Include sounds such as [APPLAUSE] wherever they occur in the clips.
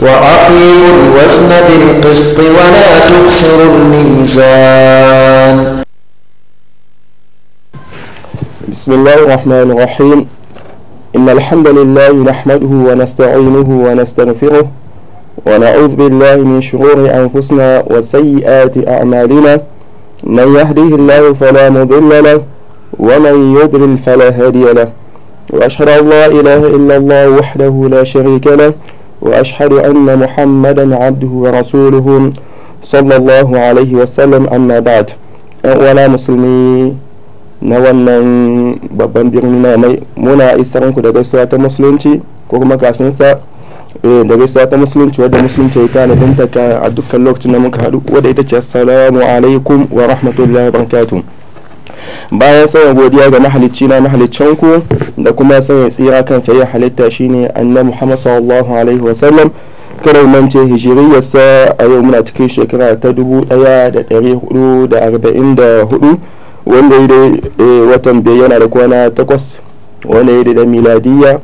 وأقيموا الوزن بالقسط ولا تخسروا الميزان بسم الله الرحمن الرحيم إن الحمد لله نحمده ونستعينه ونستغفره ونعوذ بالله من شرور أنفسنا وسيئات أعمالنا من يهديه الله فلا مضل له ومن يضلل فلا هادي له وأشهد أن لا إله إلا الله وحده لا شريك له وأشهد anna محمدا عبده ورسوله صلى الله عليه وسلم أما بعد ولا مسلمي na babban birni na mai muna isar muku da gaisuwa ta musulunci kuma kafin sa da gaisuwa ta musulunci wadda musulunci ya tana dinta a dukkan lokacin da muka haɗu wadda ita ce assalamu alaikum wa rahmatullahi wa barakatuh bayan sanya godiya ga mahalicci na mahaliccin ku da kuma sanya tsira kan fiye halitta shine annabi Muhammad sallallahu alaihi wa sallam kada mu ce hijiriyarsa a yau muna cikin shekara ta dubu da da da hudu arba'in hudu wanda ya dai eh, watan biyar yana da kwana takwas wanda ya da miladiyya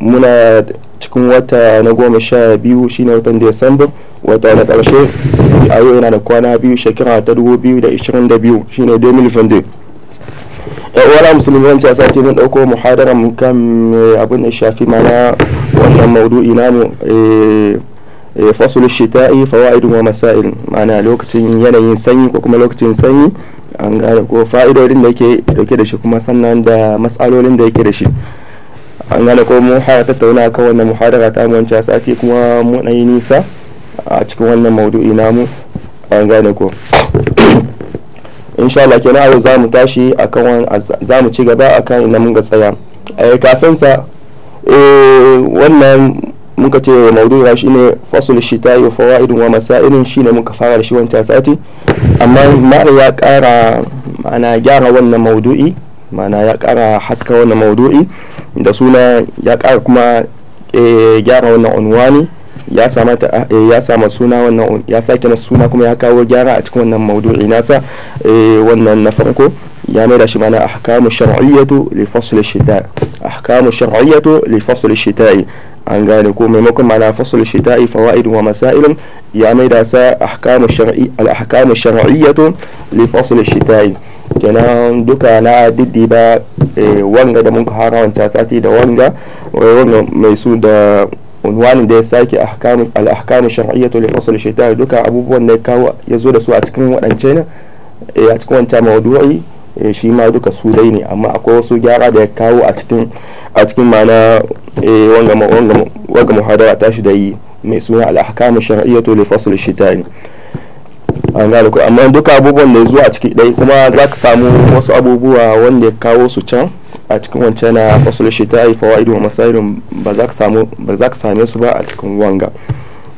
muna cikin wata na goma sha biyu shine watan Desamba wata na ƙarshe a yau yana da kwana biyu shekara ta dubu biyu da da ishirin biyu shine 2022 wala musulmi wancan a sati mun dauko muhadara mun kan eh, abin da shafi mana wannan maudu'i namu eh, eh, fasul shita'i fawaidun wa masail ma'ana lokacin yanayin sanyi ko kuma lokacin sanyi an gane ko fa'idodin da yake dauke da shi kuma sannan da matsalolin da yake da shi an gane ko mu ta tattauna kan wannan muhadara ta mun wancan sati kuma mu nisa a cikin wannan maudu'i namu an gane ko insha Allah kenan a yau za mu tashi akan za mu ci gaba akan ina mun ga tsaya eh, kafin sa eh, wannan muka ce maudu'a shine fasul shita wa fawaidun wa masailin shine muka fara da shi wancan sati amma mara ya kara ma'ana gyara wannan maudu'i ma'ana ya kara haska wannan maudu'i da suna ya kara kuma eh, gyara wannan unwani ya sama ta eh, ya sama suna wannan ya sake na suna kuma ya kawo gyara a cikin wannan maudu'i nasa eh, wannan na farko ya mai da shi mana ahkamu shar'iyyatu li fasl shita'i ahkamu shar'iyyatu li fasl shita'i an gane ko maimakon mana fasl shita'i fawaid wa masail ya mai da sa ahkamu shar'i al ahkamu shar'iyyatu li fasl shita'i kenan duka na diddiba eh, wanga da mun ka harawanta sati da wanga wanga mai su da unwanin da ya sake al-ahkamu shar'iyyatu li usul shaitan duka abubuwan da ya kawo ya zo da su a cikin waɗance ne eh, a cikin wancan mawdu'i eh, shi ma duka su dai ne amma akwai wasu gyara da ya kawo a cikin a cikin mana eh, wanga muhadara tashi da yi mai suna al-ahkamu shar'iyyatu li fasl shaitan an gane amma duka abubuwan da ya zo a ciki dai kuma za ka samu wasu abubuwa wanda ya kawo su can a cikin wancan na fasul shita'i fawaidu wa masarin ba za ka same su ba a cikin wanga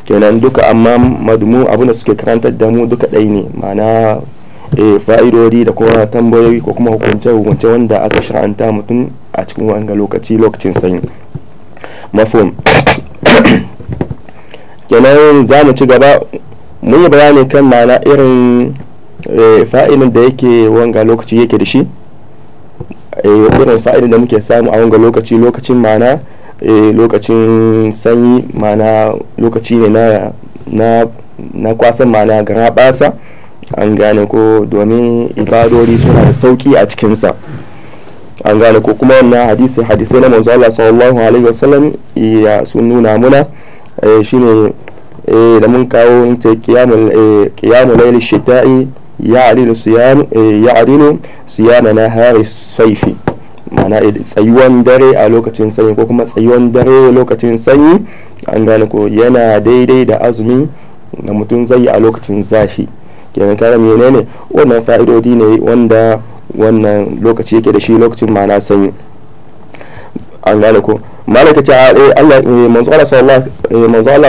kenan duka amma madumu abin da suke karantar da mu duka ɗai ne ma'ana eh, fa'idodi da kuma tambayoyi ko kuma hukunce hukunce wanda aka shara'anta mutum a cikin wanga lokaci lokacin sanyi mafum [COUGHS] kenan za mu ci gaba mun yi bayani kan ma'ana irin eh, fa'ilin da yake wanga lokaci yake da shi irin eh, fa'idin da muke samu a wanga lokaci lokacin mana eh, lokacin sanyi mana lokaci ne na kwasan mana gara basa an gane ko domin ibadori suna da sauki a cikinsa an gane ko kuma wannan hadisi hadisai na manzo Allah sallallahu alaihi wasallam ya sun nuna muna eh, shine da mun kawo ta kiyamul kiyamul laili shita'i ya'rinu siyam eh, ya'rinu siyana hari saifi ma'ana tsayuwan dare a lokacin sanyi ko kuma tsayuwan dare a lokacin sanyi an gane ko yana daidai da azumi da mutum zai yi a lokacin zafi kenan kare menene wannan fa'idodi ne wanda wannan lokaci yake da shi lokacin ma'ana sanyi an gane ko malaka ce eh, Allah eh, manzo Allah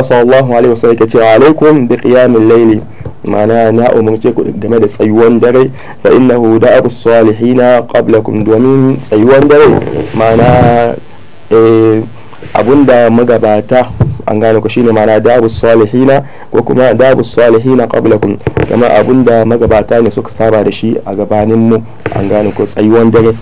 sallallahu alaihi wasallam yake cewa alaikum bi qiyamil layli ma'ana na umarce ku game da tsayuwan dare fa innahu da abu salihina qablakum domin tsayuwan dare ma'ana eh, abunda magabata an gane ku shine ma'ana abu salihina ko kuma abu salihina qablakum kama abunda magabata ne suka saba da shi a gabanin mu an gane ku tsayuwan dare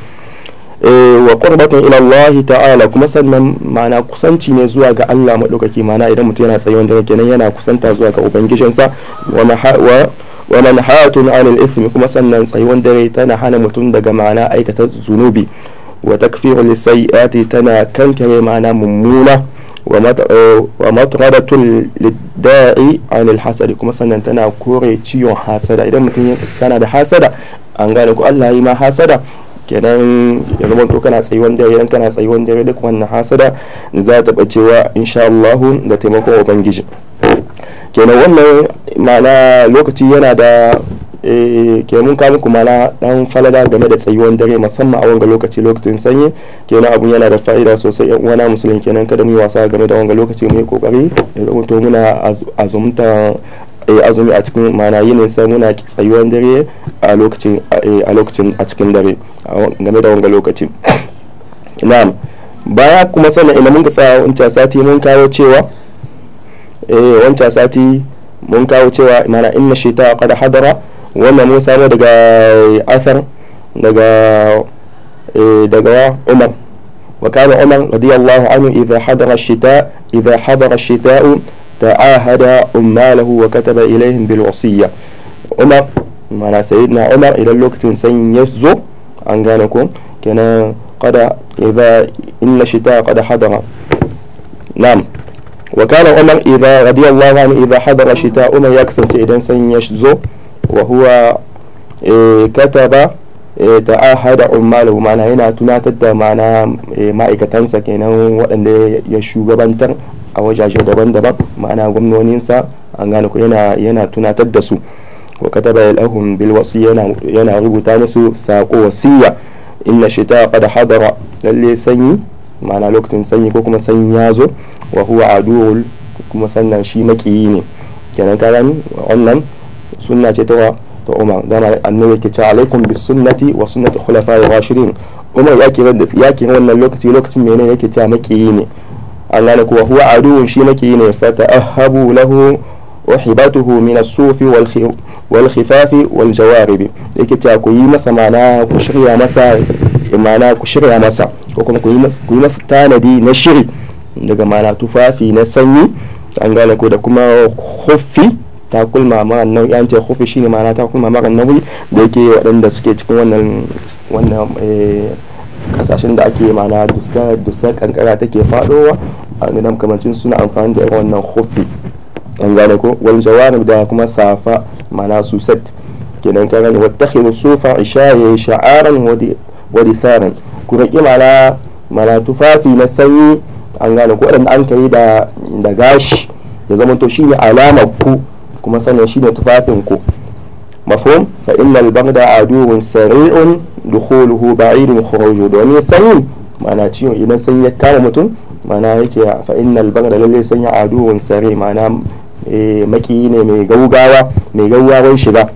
Eh, wa qurbatun ila Allah ta'ala kuma sannan ma'ana kusanci ne zuwa ga Allah madaukaki ma'ana idan mutum yana tsaye wanda kenan yana kusanta zuwa ga ubangijinsa wa wa manhatun anil ithmi kuma sannan tsayuwan dare tana hana mutum daga mana aikata zunubi wa takfiru lisayati tana kankare ma'ana mummuna eh, wa matradatun lidda'i anil hasadi kuma sannan tana kore ciwon hasada idan mutum yana da hasada an gane ko Allah yi ma hasada kenan ya zama to kana tsayi wanda ya kana tsayi wanda ya duk wannan hasada za ta bacewa insha Allah da taimakon ubangiji kenan wannan ma'ana lokaci yana da eh, ke mun kawo muku mana dan falada game da tsayuwan dare musamman a wanga lokaci lokacin sanyi kenan abun yana da fa'ida sosai yan uwana musulmi kenan kada mu yi wasa game da wanga lokaci mu yi kokari ya to muna azumta Eh, azumi a cikin mana yin sa muna tsayuwar dare a lokacin eh, a lokacin a cikin dare game da wanga lokaci [COUGHS] na'am baya kuma sana ina mun sa wancan sati mun kawo cewa eh wancan sati mun kawo cewa mana inna shita qad hadara wannan mun samu daga eh, athar daga daga umar wa kana umar radiyallahu anhu إذا hadara shita إذا hadara الشتاء تعاهد أماله وكتب إليهم بالوصية عمر معنى سيدنا عمر إلى الوقت سن يسزو أن كانكم كان قد إذا إن الشتاء قد حضر نعم وكان عمر إذا رضي الله عنه إذا حضر الشتاء عمر يكسر إذا سن يشزو وهو إيه كتب ta'ahada ummalahu ma'ana yana tunatar معنا ma'ana ma'aikatansa kenan وأن ya بنتر a wajaje daban-daban ma'ana gwamnoninsa an gane ku yana tunatar da su wa bai lahun bil yana rubuta musu sako wasiya inna shita qad hadara lalle sanyi ma'ana lokacin sanyi ko kuma sanyi ya zo wa huwa aduwul kuma sannan shi makiyi ne kenan ka gani wannan sunna ce ta ta Umar dama annabi ke cewa alaikum bis sunnati wa sunnati khulafa'ir rashidin Umar ya ke wannan lokaci lokacin menene yake cewa makiyi ne Allah gane kuwa huwa aduwun shi yi ne fata ahabu lahu uhibatuhu min as-sufi wal khifafi wal jawarib yake ta ku yi masa mana ku shirya masa imana ku shirya masa ko kuma ku yi masa tanadi na shiri daga mana tufafi na sanyi an gane ko da kuma ta kulma mara nauyi an ce hufi shine ta kulma mara nauyi da yake waɗanda suke cikin wannan wannan eh, kasashen da ake dusa dusa kankara take fadowa a nan kamar suna amfani da irin wannan hofi an gane ko wal jawarib da kuma safa mana su set kenan ka gane wattakhidhu sufa yi sha'aran wa ditharan ku raki mana mana tufafi na sanyi an gane ko wadanda an kai da da gashi ya zama to shine alamar ku kuma sannan shine tufafin ku mafhum fa innal bagda aduwwun sari'un dukhuluhu ba'idun khurujuhu domin sanyi mana ciwo idan sanyi ya kama mutum mana yake fa innal da lalle sun ya aduwun sare mana eh, maki ne mai gaugawa mai gaugawan shiga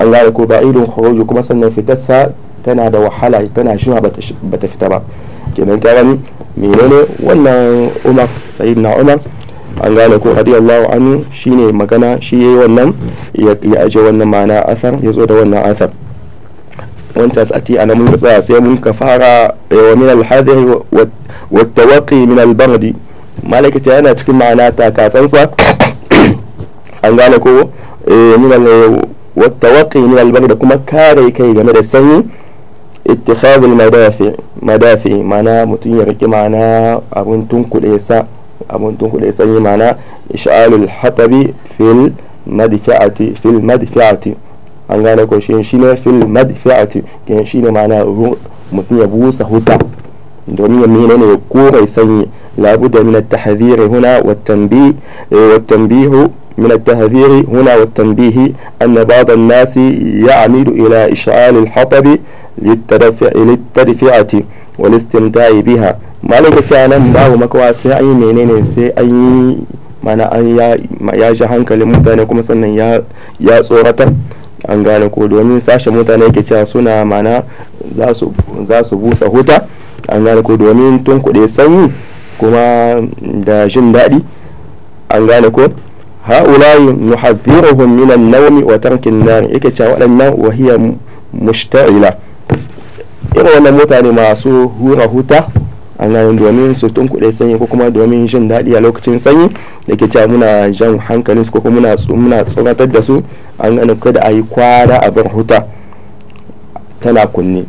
an gane ko ba'idun khuruju kuma sannan fitarsa tana da wahala tana shima bata fita ba kenan ka gani menene wannan Umar sayyidina Umar an gane ko radiyallahu anhu shine magana shi yayi wannan ya aje wannan ma'ana asar ya zo da wannan asar wancan sati ana mun tsaya sai mun ka fara eh, wa min al wa والتوقي من البرد مالك تانا تكون معناتها كاسنسا [COUGHS] انغالكو إيه، من والتوقي من البرد كما كاري كي جمد السهي اتخاذ المدافع مدافع معنا متين يركي معنا ابون تنكو ليسا ابون تنكو ليسا معنا اشعال الحطب في المدفعة في المدفعة انغالكو شين شين في المدفعة كين شين معنا متين بوسة هتا دوني مين انا يعني يكوغ يسني لابد من التحذير هنا والتنبيه إيه، والتنبيه من التحذير هنا والتنبيه ان بعض الناس يعمل الى اشعال الحطب للترفع للترفعة والاستمتاع بها ما لك شانا مباو مكوا سعي مين انا سعي mana an ya ya shi hankalin mutane kuma sannan ya ya tsoratar an gane ko domin sashe mutane yake cewa suna mana za su an gane ko domin tun kuɗe sanyi kuma da jin daɗi an gane ko ha'ulayi nuhadhiruhum min an-nawmi wa tarkin nar yake cewa waɗannan wa hiya mushta'ila irin wannan mutane masu hura huta an gane domin su tunkuɗe sanyi ko kuma domin jin daɗi a lokacin sanyi da ke cewa muna jan hankalin su ko kuma muna muna tsoratar da su an gane kada a yi kwara a bar huta tana kunne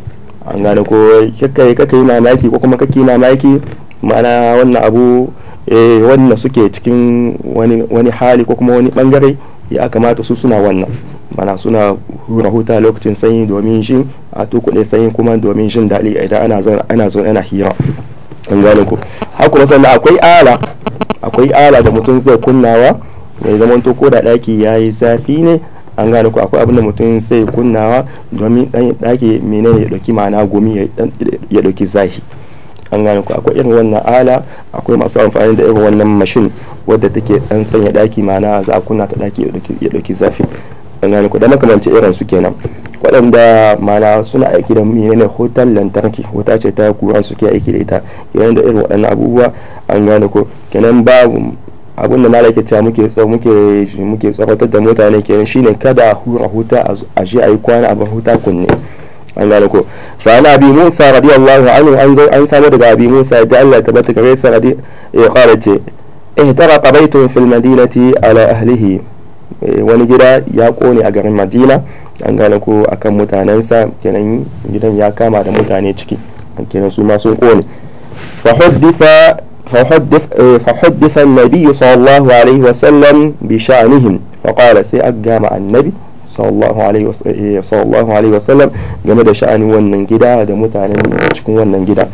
an gane ko kakai kakai na maki ko kuma kake na maki ma'ana wannan abu eh wannan suke cikin wani wani hali ko kuma wani bangare ya kamata su suna wannan mana suna hura huta lokacin sanyi domin shi a tukuɗe sanyi kuma domin shin daɗi idan ana zo ana zo ana hira an gane ko haka sannan akwai ala akwai ala da mutum zai kunnawa mai zaman to ko da ɗaki yayi zafi ne an gane ku akwai abin da mutum sai kunnawa domin ɗaki menene ya ɗauki ma'ana gumi ya ɗauki zahi an gane ku akwai irin wannan ala akwai masu amfani da irin wannan mashin wadda take dan sanya daki ma'ana za a kunna ta daki ya dauki zafi an gane ku da makamanci irin su kenan waɗanda mana suna aiki da menene hotel lantarki wata ce ta kura suke aiki da ita yayin da irin waɗannan abubuwa an gane ku kenan babu abinda malaka cewa muke so muke muke tsoratar da mutane kenan shine kada hura huta a je ayi kwana abin huta kunne an gane ko sa'an abi musa radiyallahu anhu an zo an samu daga abi musa da Allah ta bata kare sa radi ya kare ce ihtaraqa baytun fil madinati ala ahlihi eh, wani gida ya kone a garin madina an gane ko akan mutanensa kenan gidan ya kama da mutane ciki kenan su ma sun kone fa hudifa فحدث آه، فحدث النبي صلى الله عليه وسلم بشأنهم فقال سأجمع النبي صلى الله عليه وسلم آه، آه، صلى الله عليه وسلم جمع شأن وننجدا هذا متعنى تكون وننجدا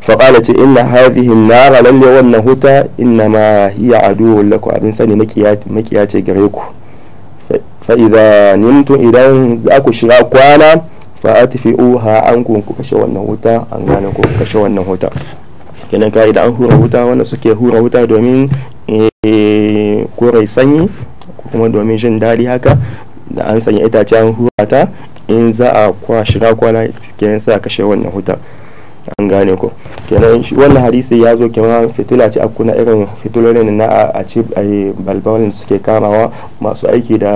فقالت إن هذه النار لن يونهوتا إنما هي عدو لكم أبن سني مكيات مكيات غريكو فإذا نمت إذا أكو شراء كوانا فأتفئوها عنكم كشوى النهوتا أنغانكم كشوى النهوتا kenan ka da an hura wuta wanda suke hura wuta domin eh, korai sanyi kuma domin jin daɗi haka da an sanya itace an hura ta in za a kwa shiga kwana kenan sai kashe wannan wuta an gane ko kenan wannan hadisi ya zo kenan fitila ce a irin fitulolin na a ci balbalin suke kamawa masu aiki da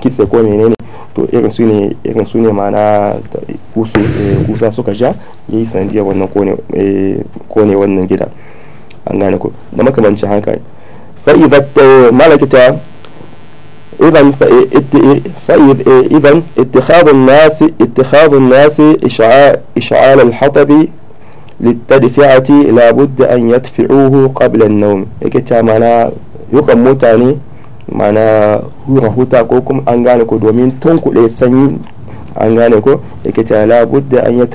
kitse ko menene to irin su ne irin su ne ma'ana kusa suka sha ya yi sanadiyar wannan kone wannan gida an gane ku da makamancin haka fa'idat malakita إذن إذن اتخاذ الناس اتخاذ الناس إشعال إشعال الحطب للتدفئة لابد أن يدفعوه قبل النوم. إكتا معناه يكم متاني mana hura huta ko kuma an gane ko domin tun kuɗe sanyi an gane ko da ke ta labudda an yi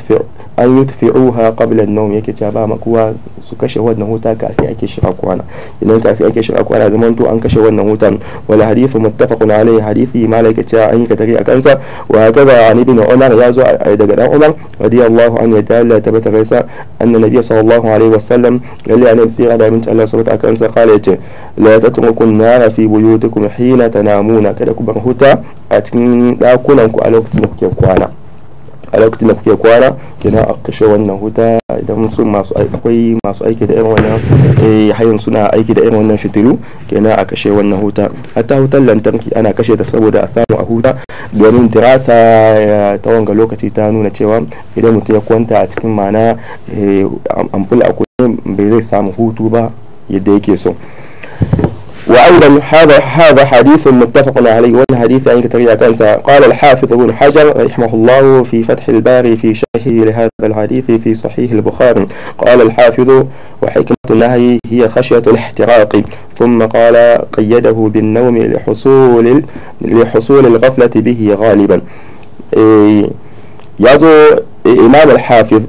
an yi yutfi'uha qabla an-nawm yake cewa ba makuwa su kashe wannan huta kafi ake shiga kwana idan kafi ake shiga kwana zaman to an kashe wannan wutan wala hadithu muttafaqun alayhi hadithi malaka cewa an yi katari a kansa wa hakaza an ibn umar ya zo daga dan umar radiyallahu anhu ya ta'ala tabata gaisa anna nabiy sallallahu alaihi wasallam lalle annabi sai da min Allah subhanahu wa kansa kala yace la tatrukun nara fi buyutikum hina tanamuna kada ku bar huta a cikin dakunan ku a lokacin da kuke kwana a lokacin da kuke kwana kenan a kashe wannan huta idan sun masu akwai masu aiki da irin wannan eh, hayan suna aiki da irin wannan shitiru kenan a kashe wannan huta hatta hutar lantarki ana kashe ta saboda a samu a huta domin dirasa eh, ta wanga lokaci ta nuna cewa idan mutum ya kwanta a cikin mana eh, a akwai bai zai samu hutu ba yadda yake so وأيضا هذا هذا حديث متفق عليه حديث عن كتابية كنسا قال الحافظ ابن حجر رحمه الله في فتح الباري في شرحه لهذا الحديث في صحيح البخاري قال الحافظ وحكمة النهي هي خشية الاحتراق ثم قال قيده بالنوم لحصول لحصول الغفلة به غالبا إيه، يزو إمام الحافظ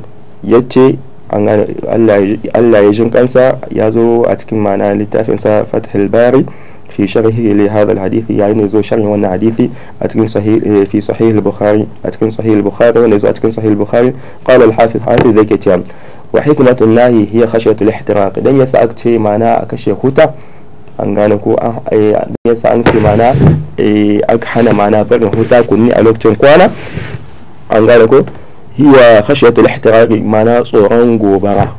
يجي Allah ya jin kansa ya zo a cikin mana littafinsa fathul bari fi sharhi li hadha al-hadith ya ne zo sharhi wannan hadisi a cikin sahih eh, fi sahih al-bukhari a cikin sahih al-bukhari wanda zo a cikin sahih al-bukhari qala al-hafiz hafiz zai ke cewa wa hikmatu nahi hiya khashyatu al-ihtiraq dan yasa ak ce mana a kashe huta an gane ko an eh, yasa an ce mana eh, ak hana mana barin huta kunni a lokacin kwana an gane ko hiya khashiyatul ihtiraqi ma'ana tsoron gobara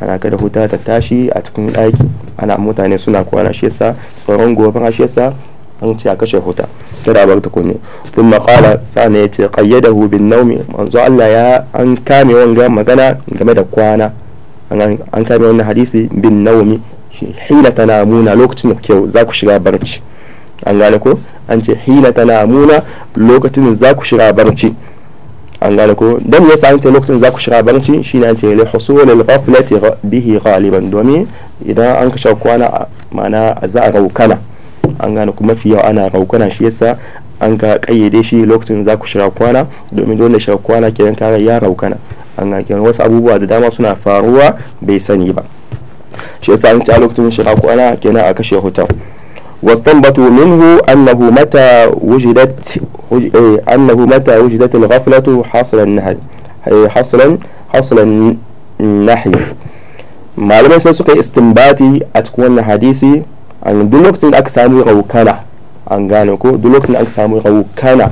ana kada huta ta tashi a cikin daki ana mutane suna kwana shi yasa tsoron gobara shi yasa an ce a kashe huta kada a barta kunne tun maƙala sani ya ce ƙayyadahu bin naumi manzo Allah ya an kame wanga magana game da kwana an kame wannan hadisi bin naumi hina ta namuna lokacin da kyau za ku shiga barci an gane ko an ce hina ta namuna lokacin za ku shiga barci an gane ko dan yasa an ce lokacin za ku shiga barci shine an ce li husul al ghaflati bihi ghaliban domin idan an kashe kwana ma'ana za a raukana an gane kuma fi yau ana raukana shi yasa an ka kayyade shi lokacin za ku shiga kwana domin dole shira kwana kenan kare ya raukana an gane kenan wasu abubuwa da dama suna faruwa bai sani ba shi yasa an ce a lokacin shira kwana kenan a kashe hoton واستنبطوا منه أنه متى وجدت أنه متى وجدت الغفلة حصل النهي حصلا حصل malamai sai suka yi istinbati a cikin wannan hadisi an duk lokacin da aka samu raukana an gane ko duk lokacin da aka samu raukana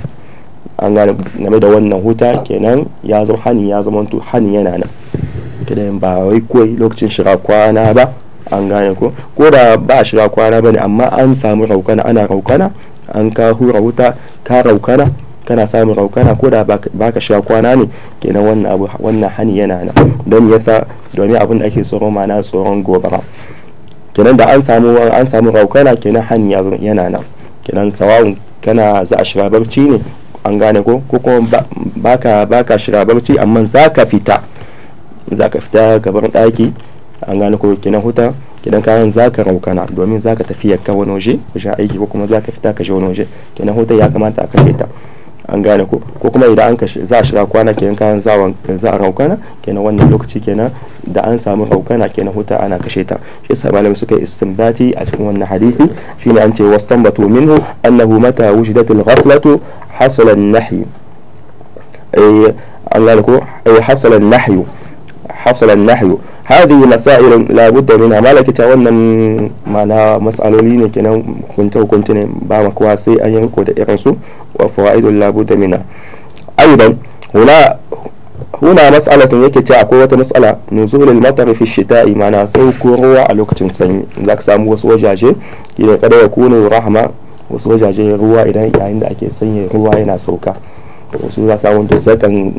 an gane game da wannan huta kenan ya zama hani ya zama hani yana nan kenan ba wai kawai lokacin shiga kwana ba an gane ko ko da ba shi da kwana bane amma an samu raukana ana raukana an ka hura wuta ka raukana kana samun raukana ko da baka sha kwana ne kenan wannan abu wannan hani yana nan don yasa domin abin da ake tsoron ma'ana tsoron gobara kenan da an samu an samu raukana kenan hani yana nan kenan sawa'un kana za a shiga barci ne an gane ko ko kuma baka baka shiga barci amma za ka fita za ka fita gaban daki an gane ko kenan huta kidan kayan zaka raukana domin zaka tafiya ka wani waje wajen aiki ko kuma zaka fita ka je wani waje kenan huta ya kamata a kashe ta an gane ko ko kuma idan an kashe za a shiga kwana kenan kayan za a raukana kenan wannan lokaci kenan da an samu raukana kenan huta ana kashe ta shi yasa malamai suka yi istinbati a cikin wannan hadisi shine an ce wastanbatu minhu annahu mata wujidatil ghaflatu hasala an-nahy ay eh, an gane ko ay eh, hasala an-nahyu حصل النحو هذه مسائل لا بد منها مالك ta wannan mana masaloli ne kenan hukunta hukunta ne ba makuwa sai an yanko da irin su wa fawaidul la budda minha aidan huna huna mas'alatun yake ce akwai wata mas'ala nuzulul matar fi shita'i mana sauko ruwa a lokacin sanyi za ka samu wasu wajaje idan kada ya kunu rahama wasu wajaje ruwa idan yayin da ake sanya ruwa yana sauka su za samun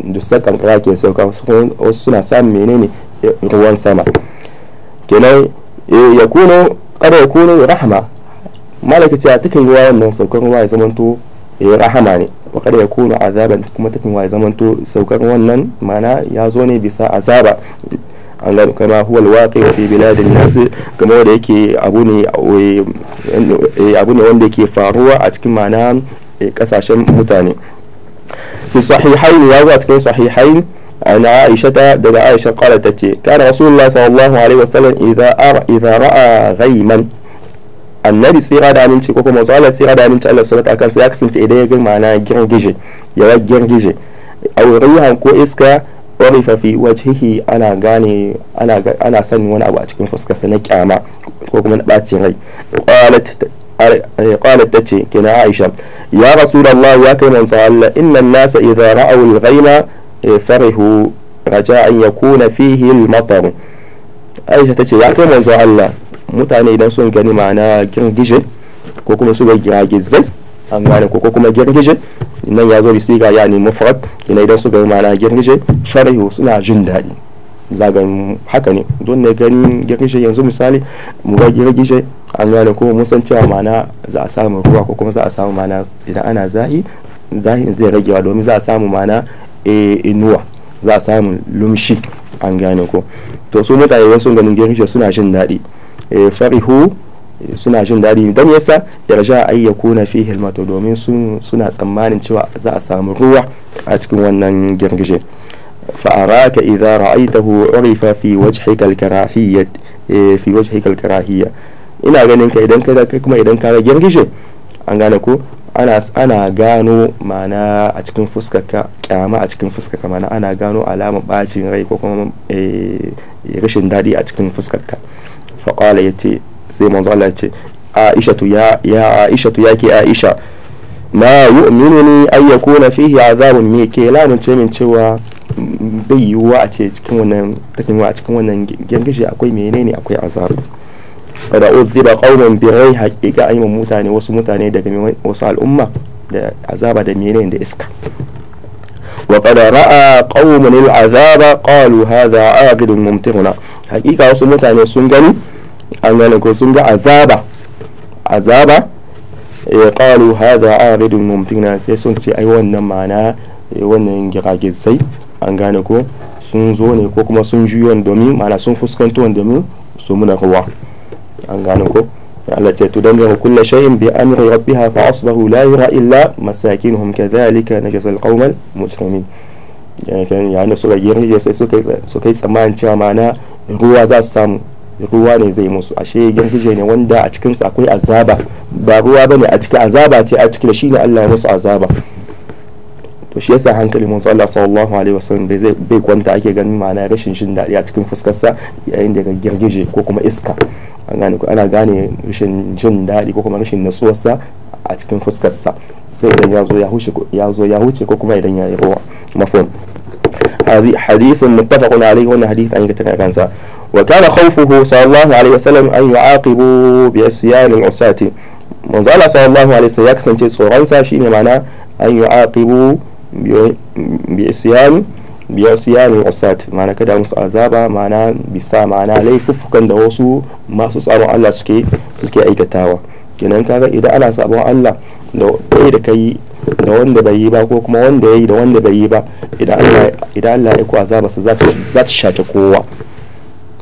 dusar kankara ke sauka wasu suna samun menene eh, ruwan sama kenan eh, ya kuno kada ya kuno rahama malaka cewa takan yi wannan saukar ruwa ya zamanto ya eh, rahama ne wa kada ya kuno azaban kuma takan yi wa ya zamanto saukar wannan mana ya zo ne bisa azaba an gano kama huwal waƙi fi biladin nasi kamar wanda yake abu ne abu ne wanda yake faruwa a cikin mana kasashen mutane في صحيحين يوجد كي صحيحين عن عائشة دل عائشة قالت تتي كان رسول الله صلى الله عليه وسلم إذا أر إذا رأى غيما النبي سيرة دامين تكوكو مزالة سيرة دامين تألا صلاة أكال سياكس انت إليه يقول معنا جرنجيجي يوى جرنجيجي أو ريها كو إسكا عرف في وجهه أنا غاني أنا أنا سن وأنا أبو أتكلم فسكا سنك أما كوكو من أباتي غي وقالت qalat tace kina aisha ya rasulullah ya kai manzo Allah inna nasa idza ra'aw al-ghayma farihu raja'an yakuna fihi aisha tace ya kai Allah mutane idan gani ma'ana girgije ko kuma su ga girgizai an gane ko kuma girgije nan ya zo bisiga ya ne mufrad idan su ga ma'ana girgije suna jin daɗi zagan haka ne don ne ganin girgishe yanzu misali mu ga shi an gane ko mun san cewa mana za a samu ruwa ko kuma za a samu mana idan ana zahi zahin zai ragewa domin za a samu mana eh, inuwa za a samu lumshi an gane ko to su mutane wasu ganin shi suna jin daɗi eh, farihu eh, suna jin daɗi don yasa yarja ai ya kuna fi hilmato domin suna tsammanin cewa za a samu ruwa a cikin wannan girgishe فأراك إذا رأيته عرف في وجهك الكراهية في ina ganin ka idan ka kuma idan ka girgishe an gane ko ana ana gano mana a cikin fuskarka kyama a cikin fuskarka mana ana gano alamar bacin rai ko kuma rashin daɗi a cikin fuskarka faƙala ya ce sai manzo ya ce aishatu ya ya aishatu ya ke aisha ma yu'minuni ay yakuna fihi azabun me ke lamunce min cewa bai yiwuwa a ce cikin wannan tafiwa a cikin wannan girgishi akwai menene akwai azabu da uzziba qauman bi birai haqiqa ayyuman mutane wasu mutane daga wasu al'umma da azaba da menene da iska wa kada ra'a qauman al'azaba qalu a gidan mumtiruna haqiqa wasu mutane sun gani an gani ko sun ga azaba azaba eh, haza a gidan mumtiruna sai sun ce ai wannan ma'ana eh, wannan giragizai an gane ko sun zo ne ko kuma sun juyo domin mana sun fuskanto domin su muna ruwa an gane ko Allah ce tudammiru kulla shay'in bi amri rabbiha fa asbahu la yara illa masakinuhum kadhalika najasa alqawmal mujrimin yankan ya ne suka girgije sai suka yi tsammanin cewa mana ruwa za su samu ruwa ne zai musu ashe girgije ne wanda a cikinsa akwai azaba ba ruwa bane a ciki azaba ce a cikin shine Allah ya musu azaba to shi yasa hankalin manzo Allah sallallahu alaihi wasallam bai zai bai kwanta ake ganin ma'ana rashin jin daɗi a cikin fuskarsa yayin da girgije ko kuma iska an gane ko ana gane rashin jin daɗi ko kuma rashin natsuwarsa a cikin fuskarsa sai idan ya zo ya huce ya zo ya huce ko kuma idan ya yi ruwa mafhum حديث متفق عليه هنا حديث عن wa kana khawfuhu sallallahu alaihi wasallam an yu'aqibu bi يعاقبوا al-usati manzo Allah sallallahu alaihi wasallam ya kasance tsoron sa shine ma'ana an yu'aqibu biyasiyani siyanu usat ma'ana kada musu azaba ma'ana bisa ma'ana laifuffukan da wasu masu tsaron Allah suke suke aikatawa kenan kaga idan ana sabon Allah da kai da kai da wanda bai yi ba ko kuma wanda yayi da wanda bai yi ba idan Allah ya ku azaba za ta shafi kowa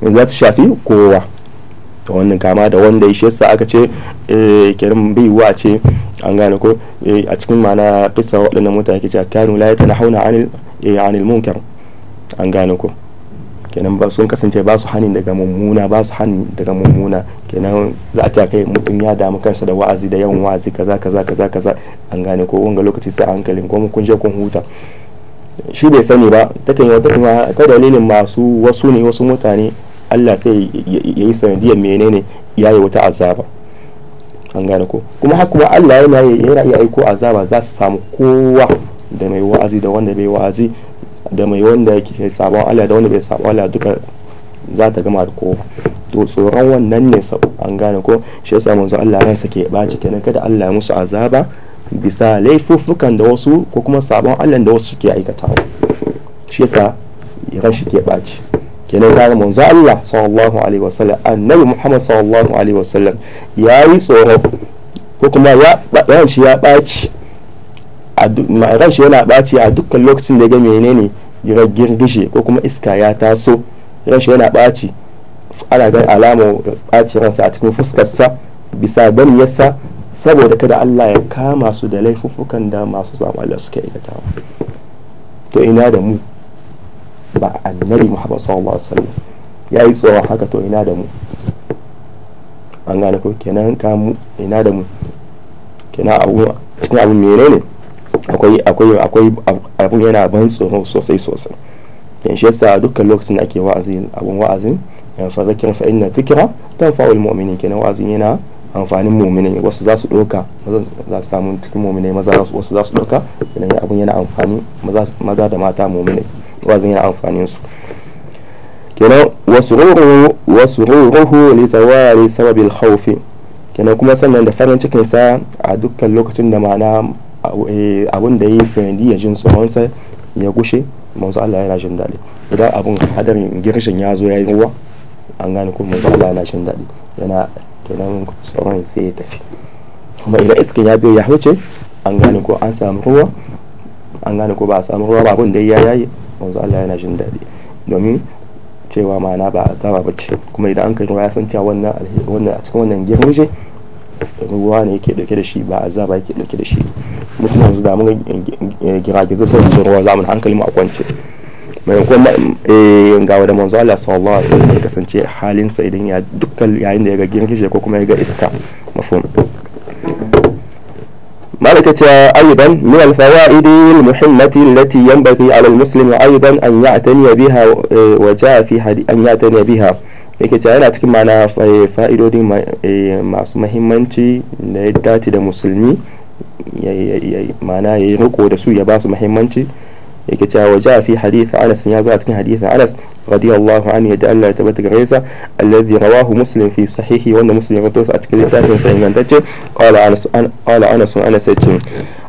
za ta shafi kowa ka wannan kama da wanda ya shi yasa aka ce eh, kirin baiwa ce an gane ko eh, a cikin mana kisa waɗannan mutane ke cewa kanu la yatanahuna anil eh, anil munkar an gane ko kenan ba sun kasance ba su hani daga mummuna ba su hani daga mummuna kenan za a ta kai mutum ya damu kansa da wa'azi da yawan wa'azi kaza kaza kaza kaza an gane ko wanga lokaci sai hankalin ko kun je kun huta shi bai sani ba ta dalilin masu wasu ne wasu mutane Allah sai ya yi sanadiyar menene ya yi wata azaba an gane ko kuma haka kuma Allah yana yana iya aiko azaba za su samu kowa da mai wa'azi da wanda bai wa'azi da mai wanda yake sabo Allah da wanda bai sabo Allah duka za ta gama da kowa to tsoron wannan ne sabo an gane ko shi yasa manzo Allah ransa ke baci kenan kada Allah ya musu azaba bisa laifuffukan da wasu ko kuma sabon Allah da wasu suke aikatawa shi yasa ran shi ke baci kenan kaga manzo Allah sallallahu alaihi wasallam annabi Muhammad sallallahu alaihi wasallam yayi tsoro ko kuma ya bayan shi ya baci a ran shi yana baci a dukkan lokacin da ga menene girgishe ko kuma iska ya taso ran shi yana baci ana ga alamar baci ransa a cikin fuskarsa bisa yasa saboda kada Allah ya kama su da laifuffukan da masu zama Allah suka aikatawa to ina da mu ba annabi muhammad sallallahu alaihi wasallam ya yi tsoron haka to ina da mu an gane ko kenan mu ina da mu kenan abu cikin abu menene akwai akwai akwai abu yana ban tsoro sosai sosai dan shi yasa dukkan lokacin da ake wa'azi abun wa'azin ya fa zakira fa inna zikra tanfa'ul mu'minin kenan wa'azin yana amfanin muminin wasu za su doka za su samu cikin mu'minai maza wasu za su doka kenan abun yana amfani maza da mata mu'minai wazin ya amfanin su kenan wasu ruhu li zawari sababil khawf kenan kuma sannan da farin cikin sa a dukkan lokacin da ma'ana eh, abun da yi sanadi ya jin tsoronsa ya gushe manzo Allah yana jin daɗi idan abun hadarin girshin ya zo ya yi ruwa an gane kuma manzo Allah yana jin daɗi yana kenan tsoron sai ya tafi kuma idan iska ya biyo ya huce an gane ko an samu ruwa an gane ko ba a samu ruwa ba abun da ya yayi manzo Allah yana jin daɗi domin cewa ma'ana ba azaba ba ce kuma idan an kai ruwa ya san cewa wannan wannan a cikin wannan girmije ruwa ne yake dauke da shi ba azaba yake dauke da shi mutum yanzu da mun giragizar sai da ruwa zamu hankali mu a kwance eh ga da manzo Allah sallallahu alaihi wasallam ya kasance halin sa idan ya dukkan yayin da ya ga girgije ko kuma ya ga iska mafhum مالك أيضا من الفوائد المهمة التي ينبغي على المسلم أيضا أن يعتني بها وجاء في حديث أن يعتني بها yake cewa yana cikin mana fa'idodi masu mahimmanci da ya dace da musulmi mana ya yi riko da su ya ba su mahimmanci yake cewa wa ja fi hadith Anas ya zo a cikin hadith Anas radiyallahu anhu yadda Allah ya tabbata gare sa alladhi rawahu muslim fi sahihi wanda muslim ya rawaito a cikin littafin sa ingantacce qala Anas qala Anas Anas yace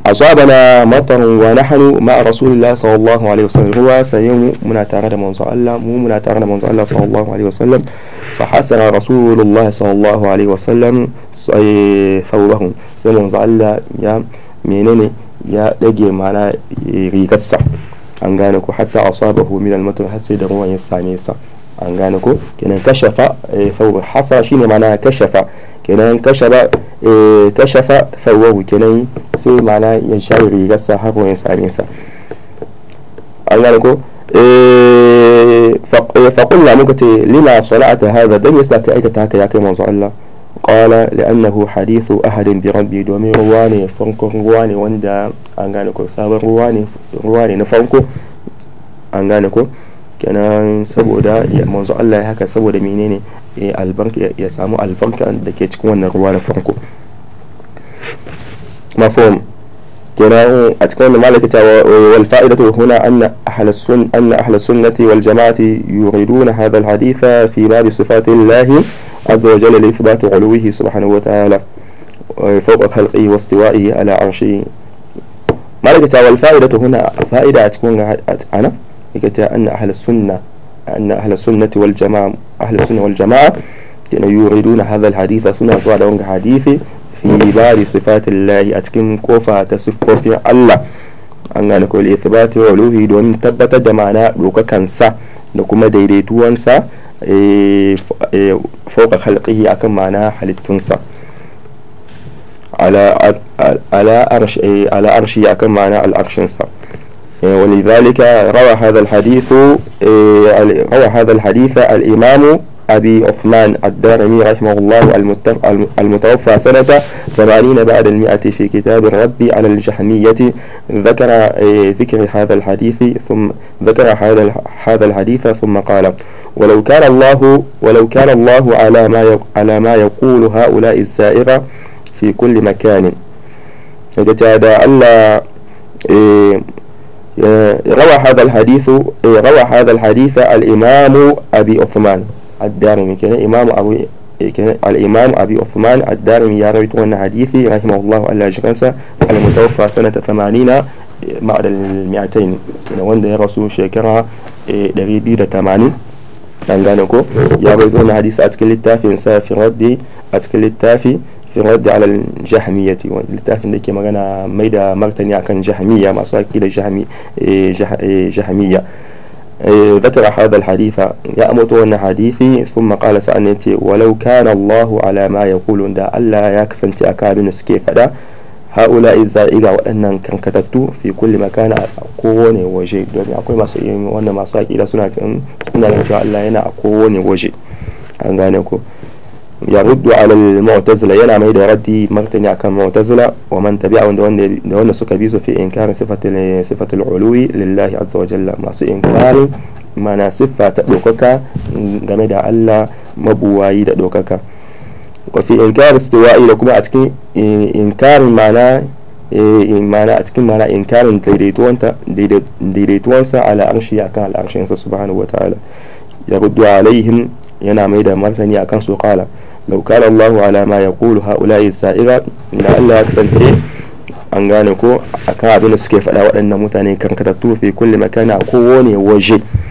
asabana matarun wa nahnu ma rasulillah sallallahu alaihi wasallam ruwa sayin muna tare da manzo Allah mu muna tare da manzo Allah sallallahu alaihi wasallam fa hasana rasulullah sallallahu alaihi wasallam sai thawbahu sai manzo Allah ya menene يا لجي مانا ريكسا أنغانكو حتى أصابه من المطر حسي دروان يسانيسا أنغانكو كنا كشف ثوب إيه، حصى شيني مانا كشف كنا كشف إيه، كشف ثوبه كنا سي مانا ينشاري ريكسا حقو يسانيسا أنغانكو إيه، فقلنا نكتي لما صلعت هذا دم يساك أيك تاك يا كي الله قال لأنه حديث أحد بربي دومي رواني فنكو رواني وندا أنغانكو سابر رواني رواني نفنكو أنغانكو كان سبو دا منزو الله هكا سبو دا مينيني إيه البنك يسامو البنك عند كيتكو وانا رواني فنكو مفهوم كان أتكون مالك والفائدة هنا أن أهل السنة أن أهل السنة والجماعة يريدون هذا الحديث في باب صفات الله عز وجل لإثبات علوه سبحانه وتعالى آه، فوق خلقه واستوائه على عرشه ما مالك والفائدة هنا فائدة تكون أنا أن أهل السنة أن أهل السنة والجماعة أهل السنة والجماعة يريدون هذا الحديث سنة وعد حديث في باب صفات الله أتكن كوفا تصف في الله أن gane ko ithbatu uluhi don tabbatar da ma'ana dokakansa da kuma daidaituwansa إيه، إيه، فوق خلقه أكن معناها حل التنسى على على أرش إيه، على أرشه أكن معناها الأرش ولذلك روى هذا الحديث روى هذا الحديث الإمام أبي عثمان الدارمي رحمه الله المتوفى سنة 80 بعد المئة في كتاب الرد على الجهمية ذكر إيه، ذكر هذا الحديث ثم ذكر هذا هذا الحديث ثم قال ولو كان الله ولو كان الله على ما على ما يقول هؤلاء الزائغة في كل مكان يتعدى ألا إيه، إيه، روى هذا الحديث روى هذا الحديث الإمام أبي عثمان الدارمي كان إمام أبو كان الإمام أبي عثمان الدارمي يروي عن حديثي رحمه الله على جرسة المتوفى سنة ثمانين بعد المئتين كان وند رسول شكرا إيه، دريبي ثمانين تنغانكو يا بيزون حديث أتكل التافي إنسا في أتكل التافي في رد على الجهمية والتافي ذيك مغانا ميدا مرتني عن جهمية ما صار كده جهمي إيه، إيه، جهمية, جهمية. ذكر هذا الحديث يا أن حديثي ثم قال سأنتي ولو كان الله على ما يقول دا ألا يكسنت أكابين سكيف دا هؤلاء الزائقة وأن كان كتبتو في كل مكان أكون وجه دوني أكون ما سيئين وأن ما سيئين سنة إن شاء الله هنا أكون وجه أنغانيكو ya ruddu alal mu'tazila yana mai da raddi martani kan mu'tazila wa man tabi'a da wanda da wanda suka bi su fi inkarin sifatul sifatul uluwi lillahi azza wa jalla masu inkarin mana siffa ta dokaka game da Allah mabuwayi da dokaka wa fi inkarin istiwa'i da kuma a cikin inkarin mana ma'ana a cikin ma'ana inkarin daidaituwansa ala arshi akan al'arshinsa subhanahu wa ta'ala ya ruddu alaihim yana mai da martani kan su kala lau kana Allahu ya ma yaqulu haula'i sa'ira ina Allah ya kasance an gane ko akan abin da suke fada waɗannan mutane karkatattu fi kulli makana kowane waje ma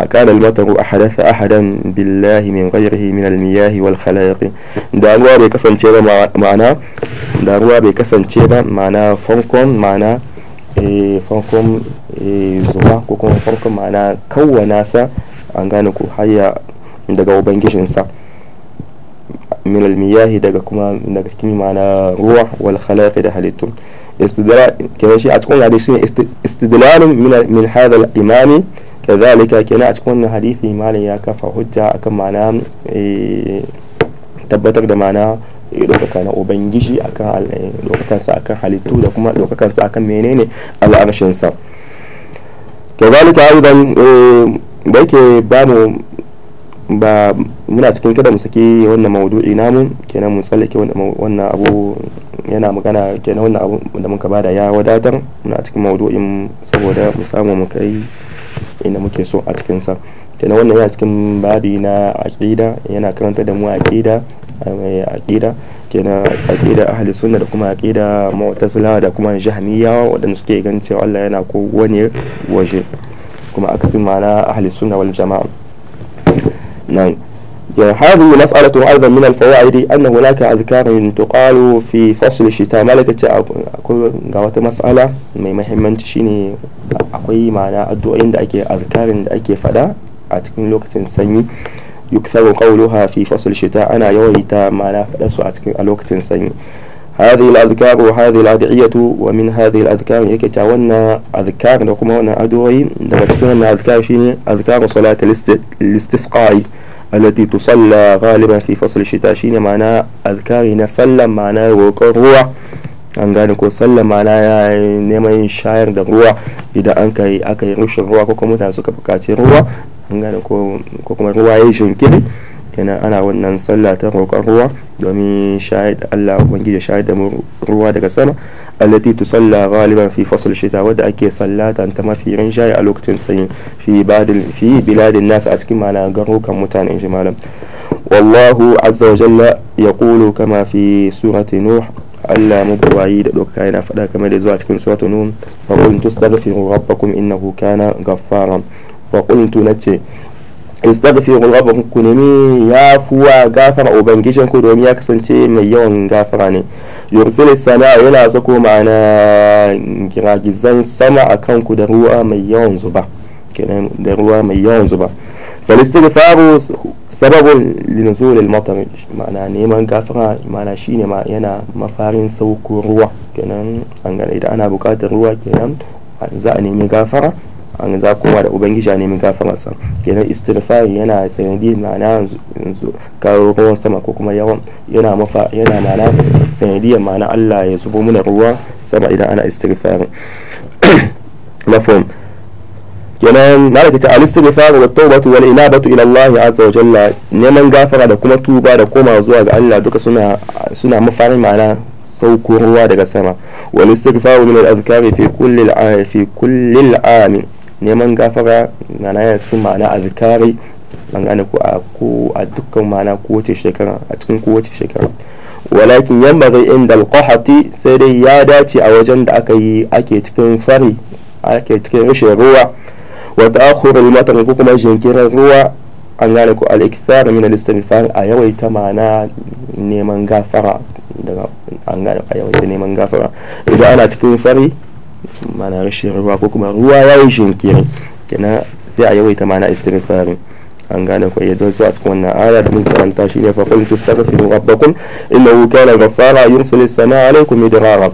ما كان المطر أحدث أحدا بالله من غيره من المياه والخلائق da ruwa bai kasance ba ma'ana da ruwa bai kasance da ma'ana eh, fankon ma'ana eh, fankon zuma ko kuma fankon ma'ana kawwana sa an gane ko haya daga ubangijinsa min almiyahi daga kuma daga cikin ma'ana ruwa wal khalaqi da halittun istidlal kenan shi a cikin hadisi istidlalun min hadha al imami kadhalika kenan a cikin wannan hadisi malam ya kafa hujja akan ma'ana eh, tabbatar da ma'ana eh, ɗaukaka na ubangiji akan eh, ɗaukakansa akan halittu da kuma ɗaukakansa akan menene al'arshinsa kadhalika aidan da yake bamu ba muna cikin kada mu saki wannan maudu'i namu kenan mu tsallake wannan abu yana magana kenan wannan abu da muka bada ya wadatar muna cikin maudu'in saboda mu samu mu kai inda muke so a cikin sa kenan wannan yana cikin babi na aqida yana karanta da mu aqida mai eh, aqida kenan aqida ahli sunna da kuma aqida mu'tazila da kuma jahmiya wadanda suke ganin cewa Allah yana ko wani waje kuma akasin ma'ana ahli sunna wal jama'a نعم هذه مسألة أيضا من الفوائد أن هناك أذكار تقال في فصل الشتاء ملكة أقول قوات مسألة ما أن تشيني أقوي معنا الدعين دا أذكار دا أكي فدا أتكن لوكة سني يكثر قولها في فصل الشتاء أنا يويتا معنا فدا سو أتكن لوكة سني هذه الأذكار وهذه الأدعية ومن هذه الأذكار يكتاونا أذكار لكم هنا أدوي عندما تكون أذكار شيء أذكار صلاة الاستسقاء التي تصلى غالبا في فصل الشتاء شيني معناها أذكار نصلى معناها وكر روح an gane ko sallah mana ya neman yin shayar da ruwa idan an kai aka yi rushin ruwa ko kuma mutane suka bukaci kenan ana wannan sallah ta roƙon ruwa domin shayar Allah ubangiji ya shayar da mu ruwa daga sama allati tusalla ghaliban fi fasl shita wadda ake sallata ta mafi rinjaye a lokacin sanyi fi badil fi biladin nas a cikin mana garukan mutanen shi wallahu azza wa jalla yaqulu kama fi surati nuh Allah mabuwayi da doka yana faɗa kamar da zuwa cikin suratu nuh wa qul tastaghfiru rabbakum innahu kana ghaffara wa qultu nace istaghfiru rabbakum ku nemi yafuwa gafara ubangijin ku domin ya kasance mai yawan gafara ne yursilu sama yana sako ma'ana giragizan sama akan ku da ruwa mai yawan zuba kenan da ruwa mai yawan zuba falistighfaru sababun linzul al-matar ma'ana neman gafara ma'ana shine ma yana mafarin sauko ruwa kenan an idan ana bukatar ruwa kenan za a nemi gafara an za kuma da ubangiji a nemi masa kenan istighfari yana sanadiyar ma'ana yanzu kawo ruwan sama ko kuma yawan yana mafa yana ma'ana sanadiyar ma'ana Allah ya zubo mana ruwa sama idan ana istighfari [COUGHS] mafhum kenan na da ta al-istighfar wa tawbatu wal inabatu ila Allah azza wa jalla neman gafara da kuma tuba da koma zuwa ga Allah duka suna suna mafarin ma'ana sauko ruwa daga sama wal istighfar min al-adhkari fi kulli al-fi kulli al-amin neman gafara na yana cikin ma'ana azkari an gane ko a ko a dukkan ma'ana kowace shekara a cikin kowace shekara walakin yamma zai inda alqahati sai dai ya dace a wajen da aka yi ake cikin fari ake cikin rashin ruwa wa ta'khurul matar ko kuma jinkirin ruwa an gane ko al-ikthar min al-istighfar a yawaita ma'ana neman gafara daga an gane a yawaita neman gafara idan ana cikin fari mana rashin ruwa ko kuma ruwa ya yi shinkiri kenan sai a yawaita mana istighfarin an gane ko yadda su a cikin wannan aya da mun karanta shi ne fa qul tastaghfiru rabbakum innahu kana ghaffara yursilu samaa alaykum idrara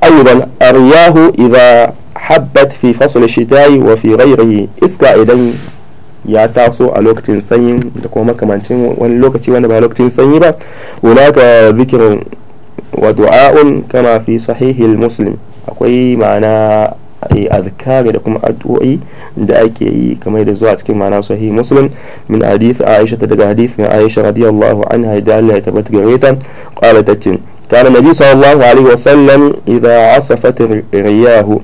aidan aryahu idha habbat fi fasl shita'i wa fi ghayrihi iska idan ya taso a lokacin sanyi da kuma makamancin wani lokaci wanda ba lokacin sanyi ba hunaka zikirin wa du'a'un kama fi sahihi muslim akwai ma'ana eh, azkari da kuma addu'o'i da ake yi kamar da zuwa cikin ma'ana sahih muslim min hadith aisha ta daga hadith na aisha radiyallahu anha da Allah ya tabbata gare ta qala tace kana nabi sallallahu alaihi wasallam idza asafat riyahu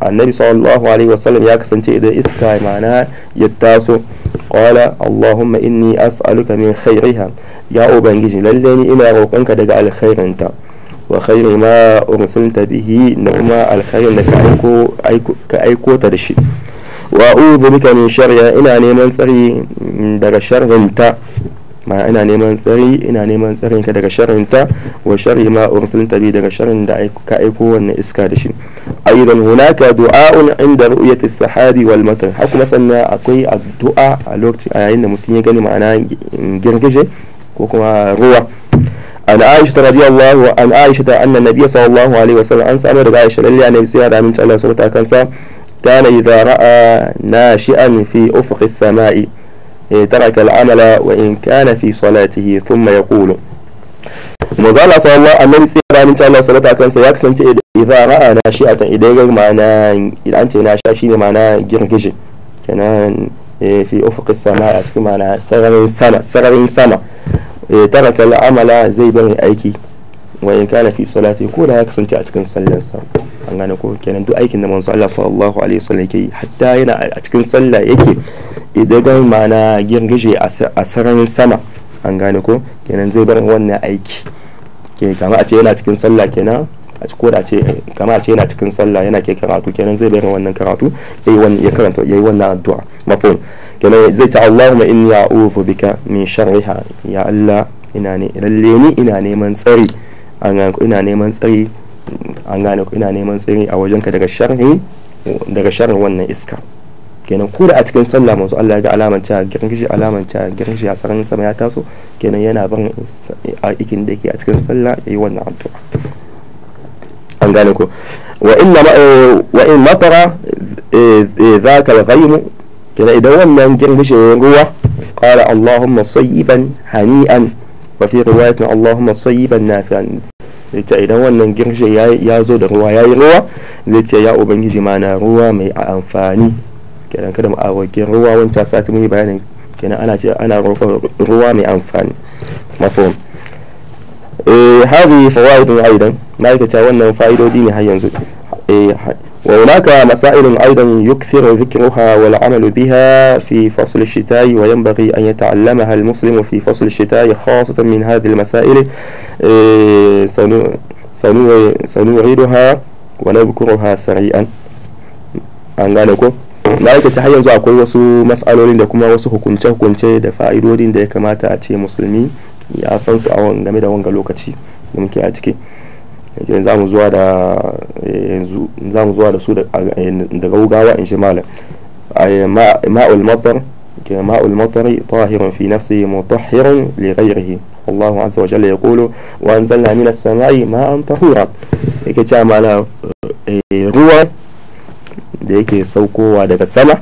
annabi sallallahu alaihi wasallam ya kasance idan iska ma'ana ya taso qala allahumma inni as'aluka min khairiha ya ubangiji lalle ni ina roƙonka daga alkhairinta wa khairu ma ursilta bihi da kuma alkhairin da ka aiko ta da shi wa a'udhu bika min sharri ina neman tsari daga ta ma ina neman tsari ina neman tsarin ka daga ta wa sharri ma ursilta bi daga sharrin da ka aiko wannan iska da shi aidan hunaka du'a'un inda ru'yati sahabi wal matar haka kuma sannan akwai addu'a a lokacin yayin da mutum ya gani ma'ana girgije ko kuma ruwa عن عائشة رضي الله عن عائشة أن النبي صلى الله عليه وسلم أنسى أمر عائشة للي أن يسير من الله سبحانه كان كان إذا رأى ناشئا في أفق السماء ترك العمل وإن كان في صلاته ثم يقول مزال صلى الله أمر يسير من الله سبحانه كان سا يكسن إذا رأى ناشئا إذا قال معنا إذا أنت ناشئا شيني معنا جرنجي كان إيه، في أفق السماء كما أنا سرر السماء سرر السماء Eh, taraka amala zai bari aiki wa in kana fi salati ko da ya kasance a cikin sallansa an gane ko kenan duk aikin da manzo Allah sallallahu alaihi wasallam yake hatta yana a cikin sallah yake idan ma'ana girgije a sararin sama an gane ko kenan zai bar wannan aiki ke kama a ce yana cikin sallah kenan a ko da ce eh, kamar ce yana cikin sallah yana ke karatu kenan zai bayar wannan karatu yayi wannan ya karanta yayi wannan addu'a mafhum kenan zai ce Allahumma inni a'udhu bika min sharriha ya Allah ina ne lalle ni ina neman tsari an gane ina neman tsari an gane ina neman tsari a wajenka daga sharri daga sharrin wannan iska kenan ko da a cikin sallah masu Allah ya ga alaman cewa girgishi alaman cewa girgishi a sararin sama ya taso kenan yana barin ikin da yake a cikin sallah yayi wannan addu'a an gane ko wa inna eh, wa in matara eh, eh, ka da ghaymu kina idan wannan girgishewar ruwa qala allahumma sayiban hani'an wa fi riwayatin allahumma sayiban nafi'an zai ce idan wannan girgishe ya zo da ruwa ya yi ruwa zai ce ya ubangiji mana ruwa mai amfani kenan kada mu awakin ruwa wancan sati mun yi bayanin kenan ana ce ana ruwa mai amfani mafhum Eh, هذه فوائد أيضا ما يتجاوزنا فائدة ديني هاي وهناك مسائل أيضا يكثر ذكرها والعمل بها في فصل الشتاء وينبغي أن يتعلمها المسلم في فصل الشتاء خاصة من هذه المسائل إيه، سنعيدها ونذكرها سريعا an gane yake ta har yanzu akwai wasu matsalolin da kuma wasu hukunce-hukunce da fa'idodin da ya kamata a ce musulmi ya san su awon game da wanga lokaci da muke a ciki eh, za mu zuwa da su daga wugawa in shi malam ma'ul matar ماء المطر طاهر في نفسه مطهر ya الله عز وجل يقول وأنزلنا samai ma ماء طهورا yake cewa mana eh, ruwa da yake saukowa daga sama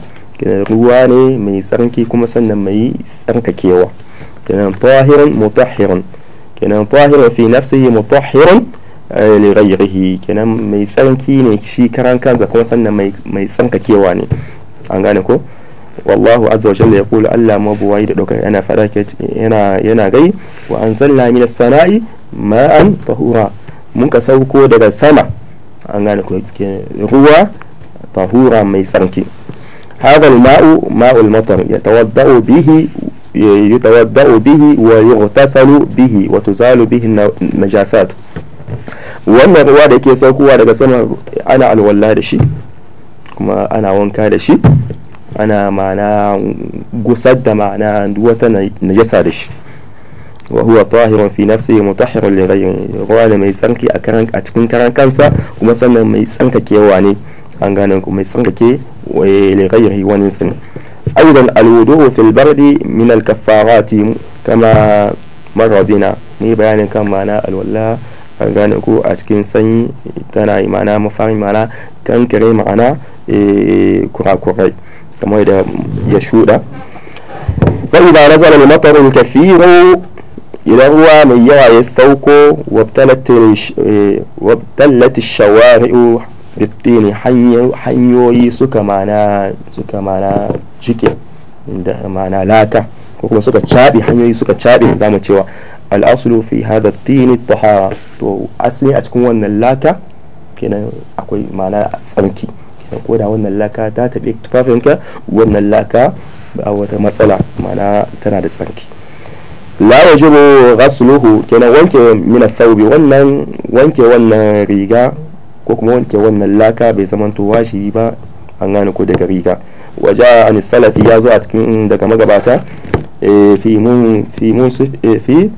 eh, ruwa ne mai tsarki kuma sannan mai tsarkakewa kenan tahiran mutahhiran kenan tahiran fi nafsihi mutahhiran li ghayrihi kenan mai tsarki ne shi karan kansa kuma sannan mai mai tsarkakewa ne an gane ko wallahu azza wa jalla yaqulu Allah da dokar yana fada yana yana gai wa anzalna minas sana'i ma'an tahura mun ka sauko daga sama an gane ko ruwa tahura mai tsarki هذا الماء ماء المطر يتوضأ bihi. yutawadda'u bihi wa yughtasalu bihi wa tuzalu bihi najasatu wannan ruwa da ke saukowa daga sama ana alwalla da shi kuma ana wanka da shi ana ma'ana gusar da ma'ana wata najasa da shi wa huwa tahirun fi nafsihi mutahhirun li ghayrihi ruwa ne mai tsanki a karan a cikin karan kansa kuma sannan mai tsarkakewa ne an gane ku mai tsarkake wa eh, li ghayrihi wani tsarki أيضا الوضوء في البرد من الكفارات كما مر بنا ni bayanin kan ma'ana alwala a gane ko a cikin sanyi tana yi ma'ana mafarin ma'ana kankare ma'ana kurakurai kamar da ya shuɗa da نزل المطر الكثير إلى الروا yawa ya sauko وابتلت الشوارع fittini hanyoyi suka mana suka mana jike da mana lata ko kuma suka caɓe hanyoyi suka caɓe za mu cewa al'asulu fi hada tini tahara to asini a cikin wannan lata kenan akwai mana tsarki kenan ko da wannan laka ta taɓe tufafinka wannan laka ba wata matsala mana tana da tsarki la yajibu ghasluhu kenan wanke min thawbi wannan wanke wannan riga ko kuma wanke wannan laka bai zamanto wajibi ba an gane ko daga riga waja an salafi ya zo a cikin daga magabata fi mun fi mun fi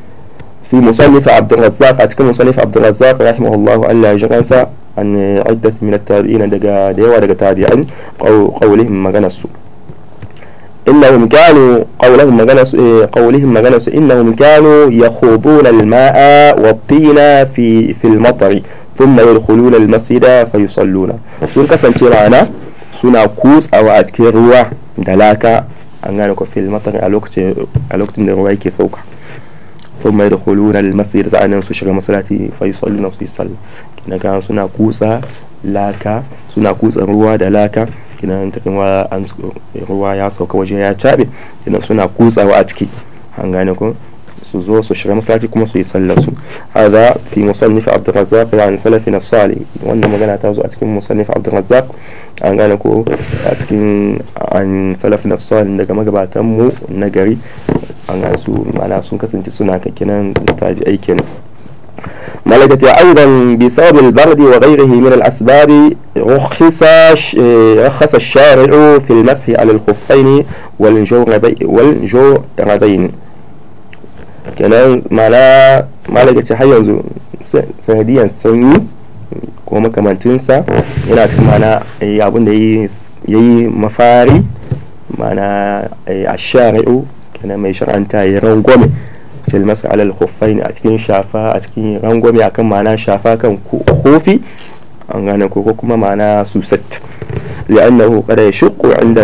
في مصنف عبد الرزاق أتكلم مصنف عبد الرزاق رحمه الله ألا جرنسا عن عدة من التابعين دقا ديوا دقا تابعين أو قولهم مغنسوا إنهم كانوا قولهم مغنسوا إيه، قولهم مغنسوا إنهم كانوا يخوضون الماء والطين في في المطر ثم يدخلون المسجد فيصلون sun kasance rana suna kutsawa a cikin ruwa da laka an gane ko fil matar a lokacin da ruwa yake sauka sun mai da huluna masjid sa'anan su shiga masalati fa yusallu na su sallu kina ga suna kutsa laka suna kutsa ruwa da laka kina ta ruwa ya sauka waje ya cabe kina suna kutsawa a ciki an gane ko سوزوس وشرمساكي كمس يسلسو هذا في مصنف عبد الرزاق عن سلفنا الصالح وأن مجانا تازو أتكين مصنف عبد الرزاق أن قال لكو أتكين عن سلفنا الصالح نجا مجبا تمو نجري أن قال سو معنا سنك سنتي سنة كنا نتاج اي كنا ملكت أيضا بسبب البرد وغيره من الأسباب رخص رخص الشارع في المسح على الخفين والجوربين kenan mana malaga ce har yanzu sanadiyan sanyi ko makamantinsa yana cikin mana eh, abin da ya yi mafari mana eh, a shari'u kenan mai shar'anta ya rangwame fil mas'alal khuffain a cikin shafa a cikin rangwame akan mana shafa kan kofi an gane ko kuma mana susat لأنه قد يشق عند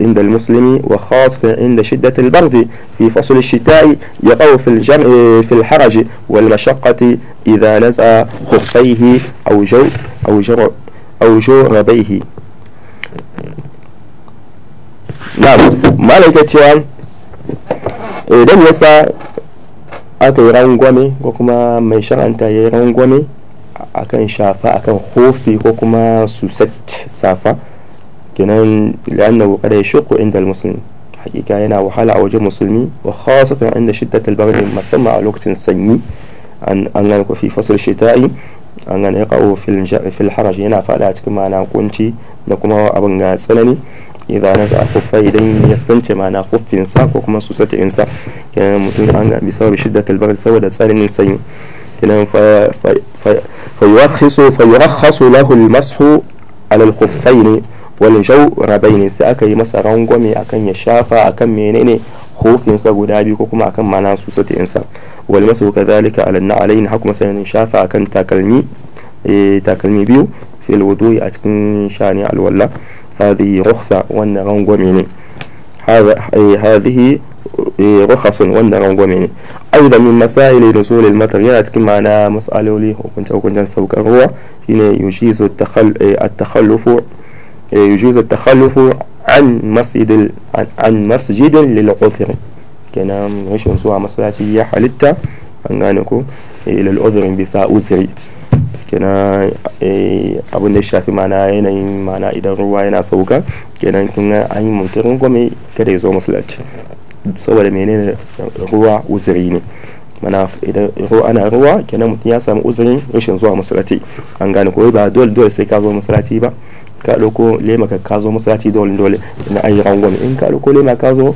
عند المسلم وخاصة عند شدة البرد في فصل الشتاء يقع في الجمع في الحرج والمشقة إذا نزع خفيه أو جو أو جرع أو ربيه نعم مالك تيان yasa aka yi rangwame ko kuma أنت shar'anta أكن شافا أكن خوفي shafa akan سافا كنان لأنه قد يشق عند المسلم حقيقة أنا وحال على وجه وخاصة عند شدة البرد ما سمع الوقت سني أن أن في فصل الشتاء أن أن يقع في في الحرج هنا فلا كما أنا كنت لكم أبن سنني إذا أنا أخف إذا يستنت ما أنا أخف إنسان وكما سوسة إنسان كان مثل أن بسبب شدة البرد سوى سالم سني كان فيرخص فيرخص له المسح على الخفين walin shau rabai ne sai aka yi masa rangwame akan ya shafa akan menene hofinsa guda biyu ko kuma akan mana su insa wani masu ka zalika alanna alayni hakuma sanin shafa akan takalmi eh, takalmi biyu fil wudu'i a cikin shani alwala hadhihi rukhsa wannan rangwame ne hadhihi eh, eh, rukhasun wannan rangwame ne aida min masaili da sulil matar yana cikin ma'ana masaloli hukunce hukuncen saukar ruwa shine yushi su at-takhallufu يجوز التخلف عن مسجد عن مسجد للعذر كنام rashin zuwa masallaci ya halitta an gane ko ilal uzurin bisa uzuri kenan abin da shafi mana yanayin mana idan ruwa yana sauka kenan kun yi mutum gwame saboda menene ruwa uzuri ne mana idan ana ruwa kenan mutum ya samu uzurin rashin zuwa masallaci an gane ko ba dole dole sai ka zo masallaci ba ka ɗauko lema ka ka zo masallaci dole dole na an yi rangwame in ka ɗauko lema ka zo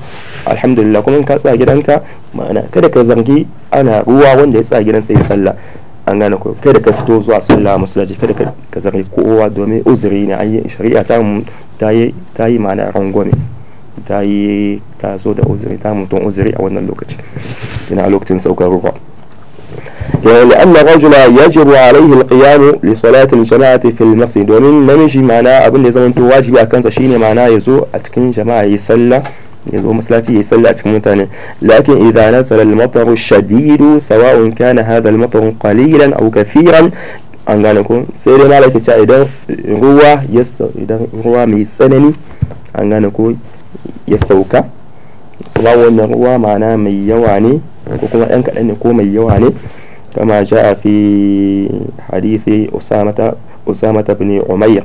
alhamdulillah kuma in ka tsaya gidanka ma'ana kada ka zargi ana ruwa wanda ya tsaya sai ya sallah an gane ko kada ka fito zuwa sallah masallaci kada ka zargi kowa domin uzuri ne an yi shari'a ta mu ta yi ta yi ma'ana rangwame ta yi ta zo da uzuri ta mutum uzuri a wannan lokaci ina lokacin saukar ruwa يعني لأن الرجل يجب عليه القيام لصلاة الجماعة في المسجد domin namiji ma'ana abin da ya zama wajibi a kansa shine ma'ana ya zo a cikin jama'a ya sallah ya zo masallaci ya sallah a cikin mutane lakin idza nasala al-matar shadidu sawa'un kana hadha al-matar qalilan aw kathiran an gane ko sai dai malaka ta idan ruwa ya mai tsanani an gane ko ya sauka sawa ruwa ma'ana mai yawa ne ko kuma ɗan kaɗan ne ko mai yawa ne kama ja fi hadithi usamata usamata bin umayya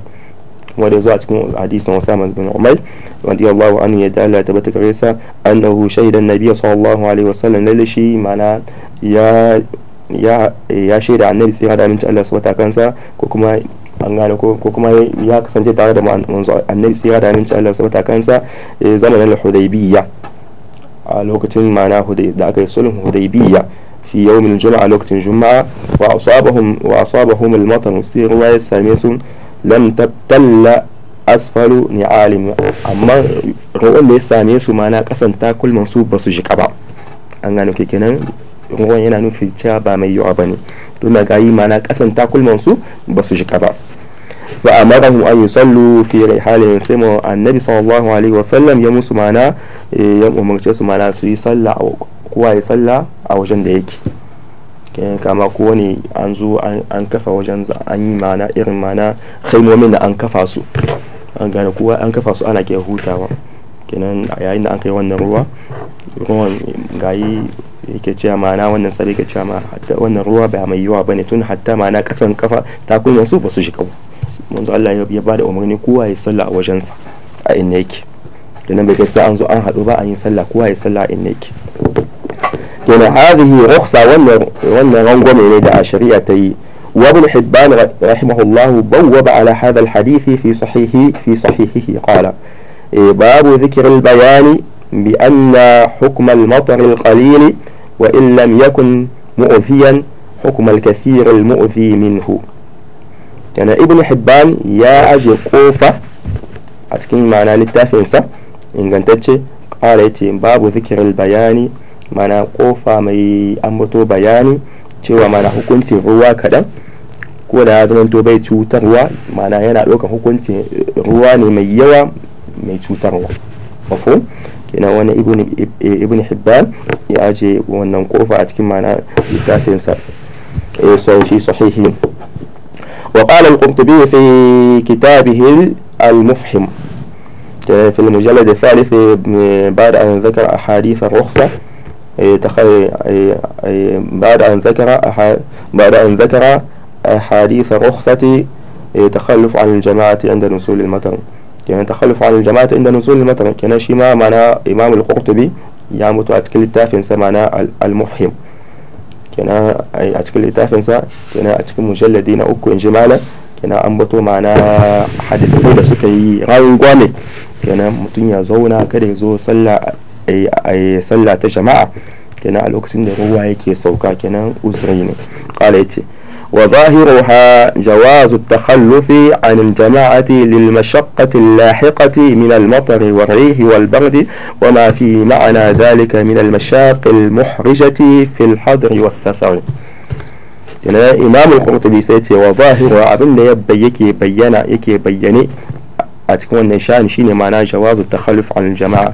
wanda zuwa cikin hadisin usama bin umayr wanda Allahu anhu ya dala ta bata kare sa annahu na biya sallallahu alaihi wasallam lalle shi mana ya ya ya shaida annabi sai hada minta Allah subhanahu kansa ko kuma an gane ko kuma ya kasance tare da manzo annabi sai hada minta Allah subhanahu kansa eh, zamanin al-hudaybiyya a lokacin mana da aka yi sulhun hudaybiya fi yawmin juma'a lokacin juma'a wa asabahum wa asabahum al-matar sai ruwa ya same su lam tabtalla asfalu ni'alim amma ruwan da ya same su mana kasan takulman su basu jika ba an gano ke kenan ruwan yana nufin cewa ba mai yawa bane to na gayi mana kasan takulman su basu jika ba wa amarahum an yi yusallu fi rihalihim sai mu annabi sallallahu alaihi wasallam ya musu mana ya umarci su mana su yi sallah kowa ya sallah a wajen da yake kama ko kowane an zo an kafa wajen an yi mana irin mana haimomin da an kafa su an gane kowa an kafa su ana ke hutawa kenan yayin da an kai wannan ruwa ruwan yi yake cewa ma'ana wannan tsari ke cewa wannan ruwa ba mai yawa bane tun hatta ma'ana kasan kafa takunyan su ba su shiga manzo Allah ya ba da umarni kowa ya salla a wajensa a inda yake da nan bai kai an zo an haɗu ba a yin sallah kowa ya salla a inda yake to na hadhihi rukhsa wannan wannan rangwame ne da a shari'a ta yi وابن حبان رحمه الله بوب على هذا الحديث في صحيحه في صحيحه قال باب ذكر البيان بأن حكم المطر القليل وإن لم يكن مؤذيا حكم الكثير المؤذي منه kenan ibn hibban ya aje kofa a cikin ma'ana littafinsa ingantacce ƙara yace babu zikirin bayani mana kofa mai ambato bayani cewa mana hukuncin ruwa kadan ko da ya zamanto bai cutarwa mana yana ɗaukar hukuncin ruwa ne mai yawa mai cutarwa mafhum kenan wani ibn hibban ya aje wannan kofa a cikin mana littafinsa sa eh, sau sahihin وقال القرطبي في كتابه المفحم آه، في المجلد الثالث بعد أن ذكر أحاديث الرخصة بعد أن ذكر بعد أن ذكر أحاديث الرخصة تخلف عن الجماعة عند نزول المطر يعني تخلف عن الجماعة عند نزول المطر كان شيما معنى إمام القرطبي يعمل يعني تأكل التافن سمعنا المفهم kenan a cikin littafinsa kenan a cikin mujalladi na uku in jimala malam kenan an bato mana hadisai da suka yi gwame kenan mutum ya zauna kada ya zo sallah ta jama'a kenan a lokacin da ruwa yake sauka kenan uzuri ne kala yace وظاهرها جواز التخلف عن الجماعة للمشقة اللاحقة من المطر والريح والبرد وما في معنى ذلك من المشاق المحرجة في الحضر والسفر إمام القرطبي سيتي وظاهر عبن يبيكي بيانا يكي بياني أتكون نشان شيني معنى جواز التخلف عن الجماعة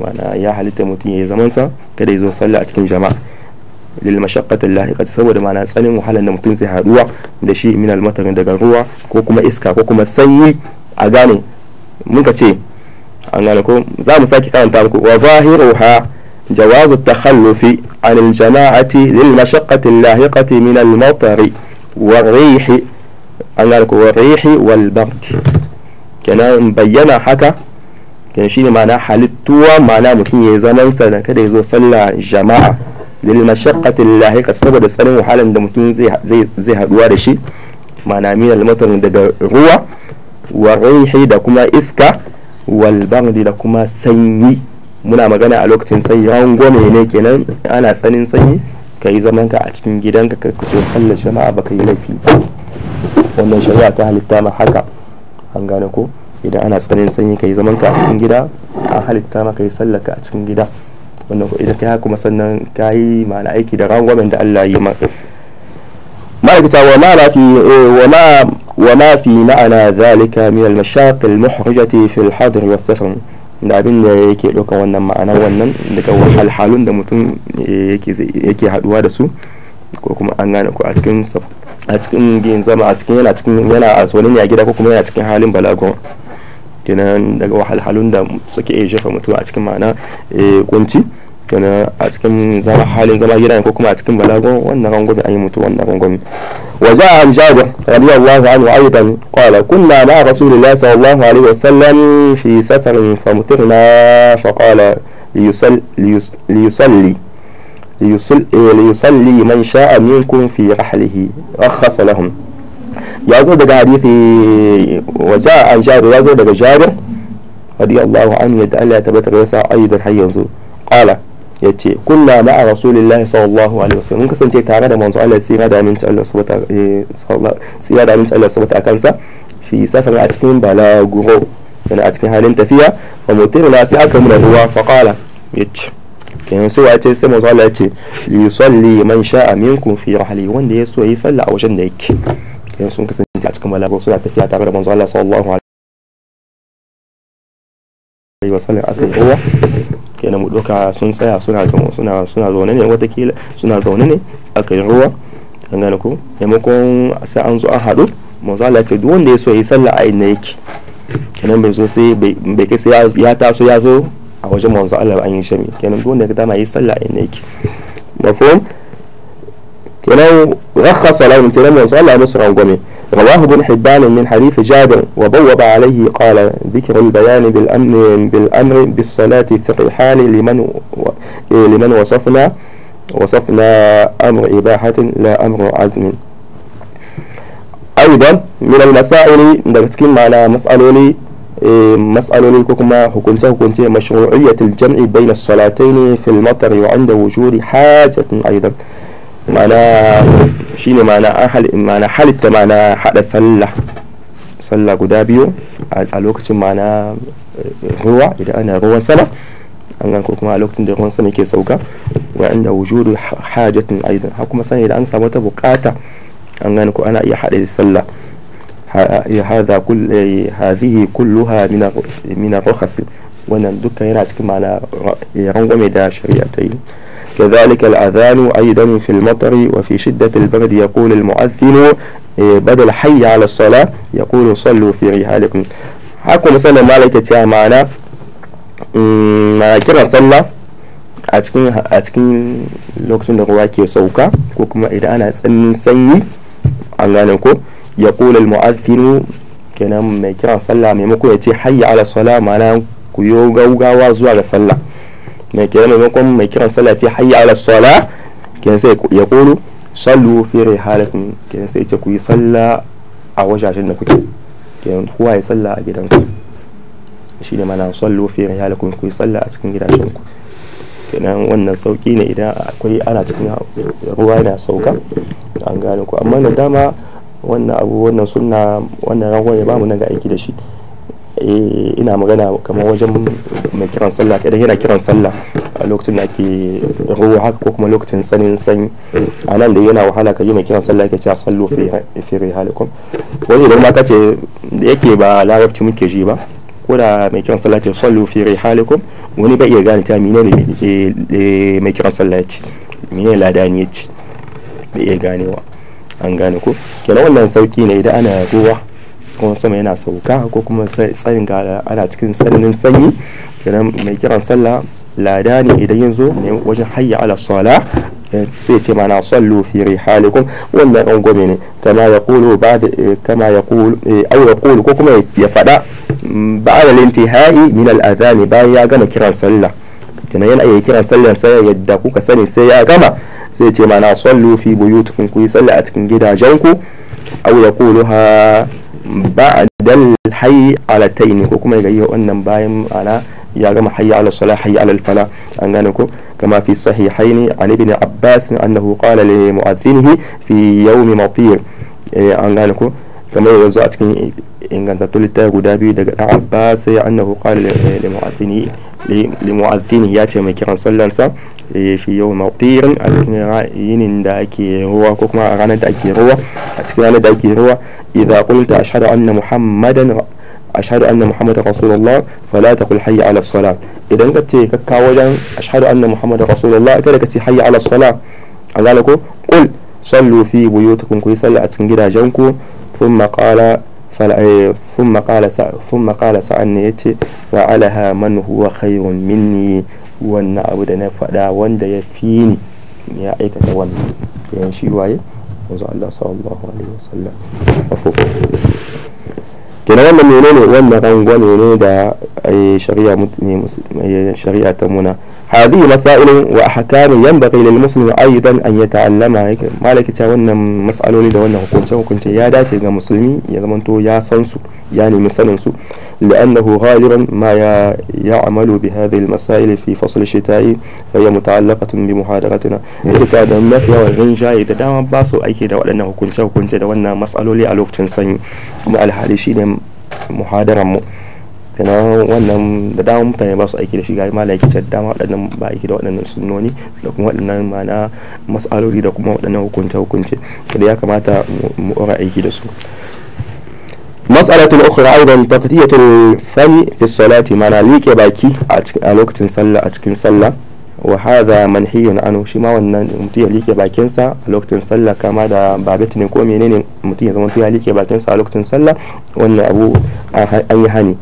وأنا يا حالة متي زمان سا كده يزو صلى أتكون جماعة lil mashaqqatil lahiqa saboda ma'ana tsanin wahalan da mutum zai haduwa da shi min almatar daga ruwa ko kuma iska ko kuma sanyi a gane mun ka ce an gane ko za mu sake karanta muku wa zahiruha جواز التخلف عن الجماعة للمشقة اللاحقة من المطر rihi wal bard kenan bayyana haka kenan shine ma'ana halittuwa ma'ana mutum ya zaman sa kada ya zo sallah jama'a lilmashaqqati mashaqqati lahiqa saboda tsarin wahalan da mutum zai haduwa da shi ma'ana min al daga ruwa wa rihi da kuma iska wal da kuma sanyi muna magana a lokacin sanyi rawan gome ne kenan ana tsanin sanyi ka yi zaman ka a cikin gidanka ka kusa sallar jama'a ba yi laifi wannan shari'a ta halitta ma haka an gane ko idan ana tsanin sanyi ka zaman ka a cikin gida an halitta ma yi sallar ka a cikin gida wannan ko idan kai kuma sannan kai ma'ana aiki da rangwamen da Allah ya maka ma'aikata wa ma eh, wa ma wa ma fi ma'ana zalika min al-mashaq al-muhrijati fi al-hadr wa safar da abin da yake ɗaukan wannan ma'anar wannan daga wahalhalun da mutum eh, yake haduwa da su ko kuma an gane ko a cikin a cikin zama a cikin yana cikin yana a tsoron ya gida ko kuma yana cikin halin balagon kenan daga wahalhalun da suke iya jefa mutuwa a cikin ma'ana kunci kenan a cikin zama halin zama gida ko kuma a cikin balagon wannan rangwame an yi mutu wannan rangwame wa za a jabir radiyallahu anhu aidan qala kunna ma rasulillahi sallallahu alaihi wasallam fi safarin famtirna fa qala liyusalli ليصلي من شاء منكم في رحله رخص لهم ya zo daga hadithi waja an jabir ya zo daga jabir radiyallahu anhu yadda Allah ya tabbatar yasa ayyudan har yanzu qala yace kunna a rasulillahi sallallahu alaihi wasallam mun kasance tare da manzo Allah sai da aminci Allah subhanahu wa ta'ala da aminci Allah subhanahu wa kansa fi safar a cikin balaguro yana a cikin halin tafiya wa mutum na sai aka mura ruwa faqala yace kenan so ya ce sai manzo Allah ya ce li yusalli man sha'a minkum fi rahli wanda ya so yi sallah a wajen da yake in sun kasance a cikin mala'iku suna tafiya tare da manzo Allah sallallahu alaihi wasallam akan kowa kenan mu doka sun tsaya suna suna suna zaune ne watakila suna zaune ne aka yi ruwa an gane ko maimakon sai an zo an haɗu manzo Allah ce duk wanda ya so yi sallah a inda yake kenan bai zo sai bai kai sai ya taso ya zo a wajen manzo Allah an yi shami kenan duk wanda ya dama yi sallah a inda yake mafhum كناو رخص لهم الكلام وصلى مصر الجميع رواه ابن حبان من حديث جابر وبوب عليه قال ذكر البيان بالأمن بالأمر بالصلاة في الرحال لمن و... لمن وصفنا وصفنا أمر إباحة لا أمر عزم أيضا من المسائل نتكلم على مسألة لي إيه، مسألة كما حكمت حكمت مشروعية الجمع بين الصلاتين في المطر وعند وجود حاجة أيضا mana shi ne an mana halitta mana hada sallah sallah guda biyu a lokacin mana eh, ruwa idan ana ruwan sama an gan ko kuma a lokacin da ruwan sama ke sauka wa inda wujudu hajatin aidan har kuma sani da an samu wata bukata an gan ko ana iya hada sallah hada كل هذه kullu ha من الرخص eh, eh, wannan dukkan yana cikin ma'ana rangwame da shari'a ta yi كذلك الأذان أيضا في المطر وفي شدة البرد يقول المؤذن إيه، بدل حي على الصلاة يقول صلوا في رحالكم حكم مثلا ما لك معنا ما كنا صلى أتكين أتكين لوقت الرواكي سوكا كوكما إذا أنا سنسني أنغانكو يقول المؤذن كنا ما كنا صلى ممكو يتي حي على الصلاة معنا كيوغا وغا وزوغا صلى صلى mai kira maimakon mai kiran sallah ce hayya ala sala kenan sai ya kolo sallu fi rihalakum kenan sai ce ku yi sallah a wajajen da kuke kenan kowa ya sallah a gidansa shi ne mana sallu fi rihalakum ku yi sallah a cikin gidajen ku kenan wannan sauki ne idan akwai ana cikin ruwa yana sauka an gane ku amma da dama wannan abu wannan sunna wannan ragon ya bamu na ga aiki da shi Eh, ina magana kamar wajen mai kiran sallah idan yana kiran sallah a lokacin da ake ruwa haka ko kuma lokacin tsanin sanyi a nan da yana wahala ka yi mai kiran sallah ke cewa sallo fere halikun wani idan maka ka ce da yake ba larabci muke ji ba ko da mai kiran sallah ke sallo fere halikun wani bai iya gane ta mine ne eh, mai kiran sallah ya ci mine ladani ya ci bai iya ganewa an gane ko kenan wannan sauki ne idan ana ruwa kuma sama yana sauka ko kuma tsarin ga ana cikin tsananin sanyi kenan mai kiran sallah lada ne idan yin zo wajen hayya ala sala eh, sai ce mana sallu fi rihalikum wannan an gome ne kama ya kulu ba da eh, kama ya kulu eh, au ya kulu ko kuma ya fada ba da lintihai min ne bayan ya gama kiran sallah kenan yana yi kiran sallah sai yadda kuka sani sai ya gama sai ce mana sallu fi buyutukum ku yi sallah a cikin gidajenku au ya kulu ha ba'dal hayy alatayn ko kuma ya wannan bayan ana ya gama hayi ala salah hayya ala fala an gane ko kama fi sahihain an ibn abbas annahu qala li mu'adhdhinihi fi yawm matir an gane ko kama yanzu a cikin inganta tulita guda biyu daga dan abbas annahu qala li mu'adhdhinihi li mu'adhdhinihi ya ce mai kiran sallansa fi yau maƙirin a cikin yinin da ake ruwa ko kuma a ranar da ake ruwa a cikin ranar da ake ruwa idza qulta ashhadu anna muhammadan ashhadu anna muhammadan rasulullah fala taqul hayya ala salat idan ka ce ka kawo wajen ashhadu anna muhammadan rasulullah kada ka ce hayya ala salat an ko qul sallu fi buyutikum ku yi sallah a cikin gidajenku thumma qala ثم قال ثم قال سألني يتي من هو خير مني wannan abu da na faɗa wanda ya fi ni ya aikata wannan yan shi waye manzo Allah sallallahu alaihi wasallam afuwa kenan wannan menene wannan rangwame ne da eh, eh, shari'a ta muna هذه مسائل وأحكام ينبغي للمسلم أيضا أن يتعلمها مالك ta wannan mas'aloli da wannan hukunce hukunce ya dace ga musulmi ya zamanto ya san su ya nemi sanin su لأنه غالبا ما يعمل بهذه المسائل في فصل الشتاء فهي متعلقة بمحاضرتنا ita da mafi yawan rinjaye da dama ba su aiki da wadannan hukunce hukunce da wannan mas'aloli a lokacin sanyi kuma alhali shine muhadaran mu kenan wannan da dama mutane ba su aiki da shi gari da yake cewa dama waɗannan ba aiki da waɗannan sunoni da kuma waɗannan mana matsaloli da kuma waɗannan hukunce hukunce da ya kamata mu aiki da su mas'alatul ukhra aidan taqdiyatul fani fi salati mana liƙe baki a lokacin sallah a cikin sallah wa hadha manhiyun anhu shi ma wannan mutum ya liƙe bakinsa a lokacin sallah kama da babet ne ko menene mutum ya zama ya liƙe bakinsa a lokacin sallah wannan abu an yi hani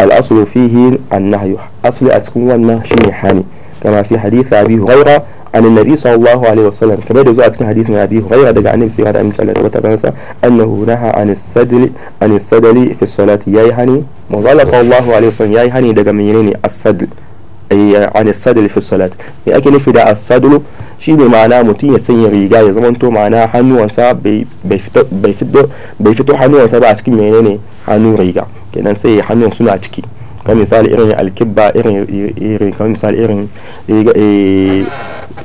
الأصل فيه النهي أصل أتكون والنهي حاني كما في حديث أبي هريرة عن النبي صلى الله عليه وسلم كما يجوز أتكون حديث من أبي هريرة دقى النبي هذا أمين تعالى وتبنسى أنه نهى عن السدل عن السدل في الصلاة يا يهني مظل صلى الله عليه وسلم يا يهني دقى من السدل أي عن السدل في الصلاة لكن في ده السدل شيء ne متين mutum ya sanya تو ya حنو ma'ana بيفتو حنو fito hannuwansa ba a cikin menene kenan sai hannun suna ciki kamar misali irin alkibba irin kamar misali irin eh,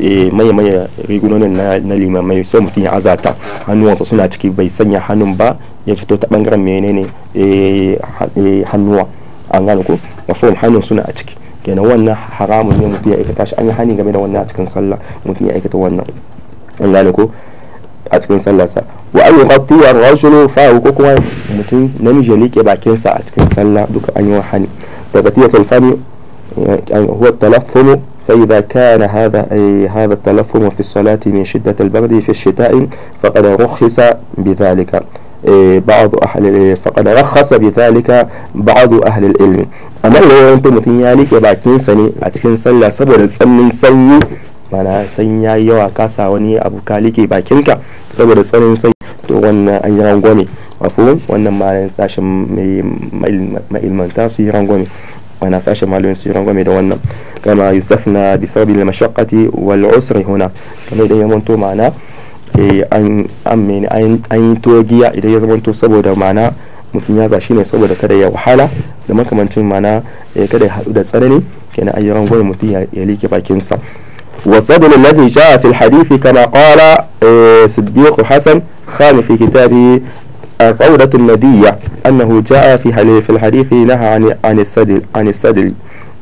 eh, maye maye rigunonin na mai sai mutum ya azata hannuwansa suna ciki bai sanya hannun ba ya fito ta bangaren menene eh, hannuwa an gane ko mafon hannun suna a ciki kenan wannan haramun ne mutum ya aikata shi an yi hani game da wannan a cikin sallah mutum ya aikata wannan an gane ko a cikin sallarsa wa an yughatti ar-rajulu fahu ko kuma mutum namiji ya liƙe bakinsa a cikin sallah duka an yi huwa فإذا كان هذا أي هذا التلثم في الصلاة من شدة البرد في الشتاء فقد رخص بذلك إيه، بعض أهل إيه، فقد رخص بذلك بعض أهل العلم أما لو أنتم متنيالي كباكين سني أتكين سلا سبب سنين سني mana san ya yi yawa kasa wani abu ka like bakinka saboda tsanin sai to wannan an yi rangwame wafu wannan malin sashen ma'ilmanta su yi rangwame mana sashen malin su yi rangwame da wannan kama yusuf na bisabi da mashakati wal usri huna kamar da ya manto ma'ana eh, an yi togiya idan ya zamanto saboda ma'ana mutum ya zashi ne saboda kada ya wahala da makamancin ma'ana eh, kada ya haɗu da tsanani kenan an gwamnati rangwame mutum ya like bakinsa والصدر الذي جاء في الحديث كما قال آه، صديق حسن خان في كتابه القولة الندية أنه جاء في في الحديث نهى عن عن السدل عن السدل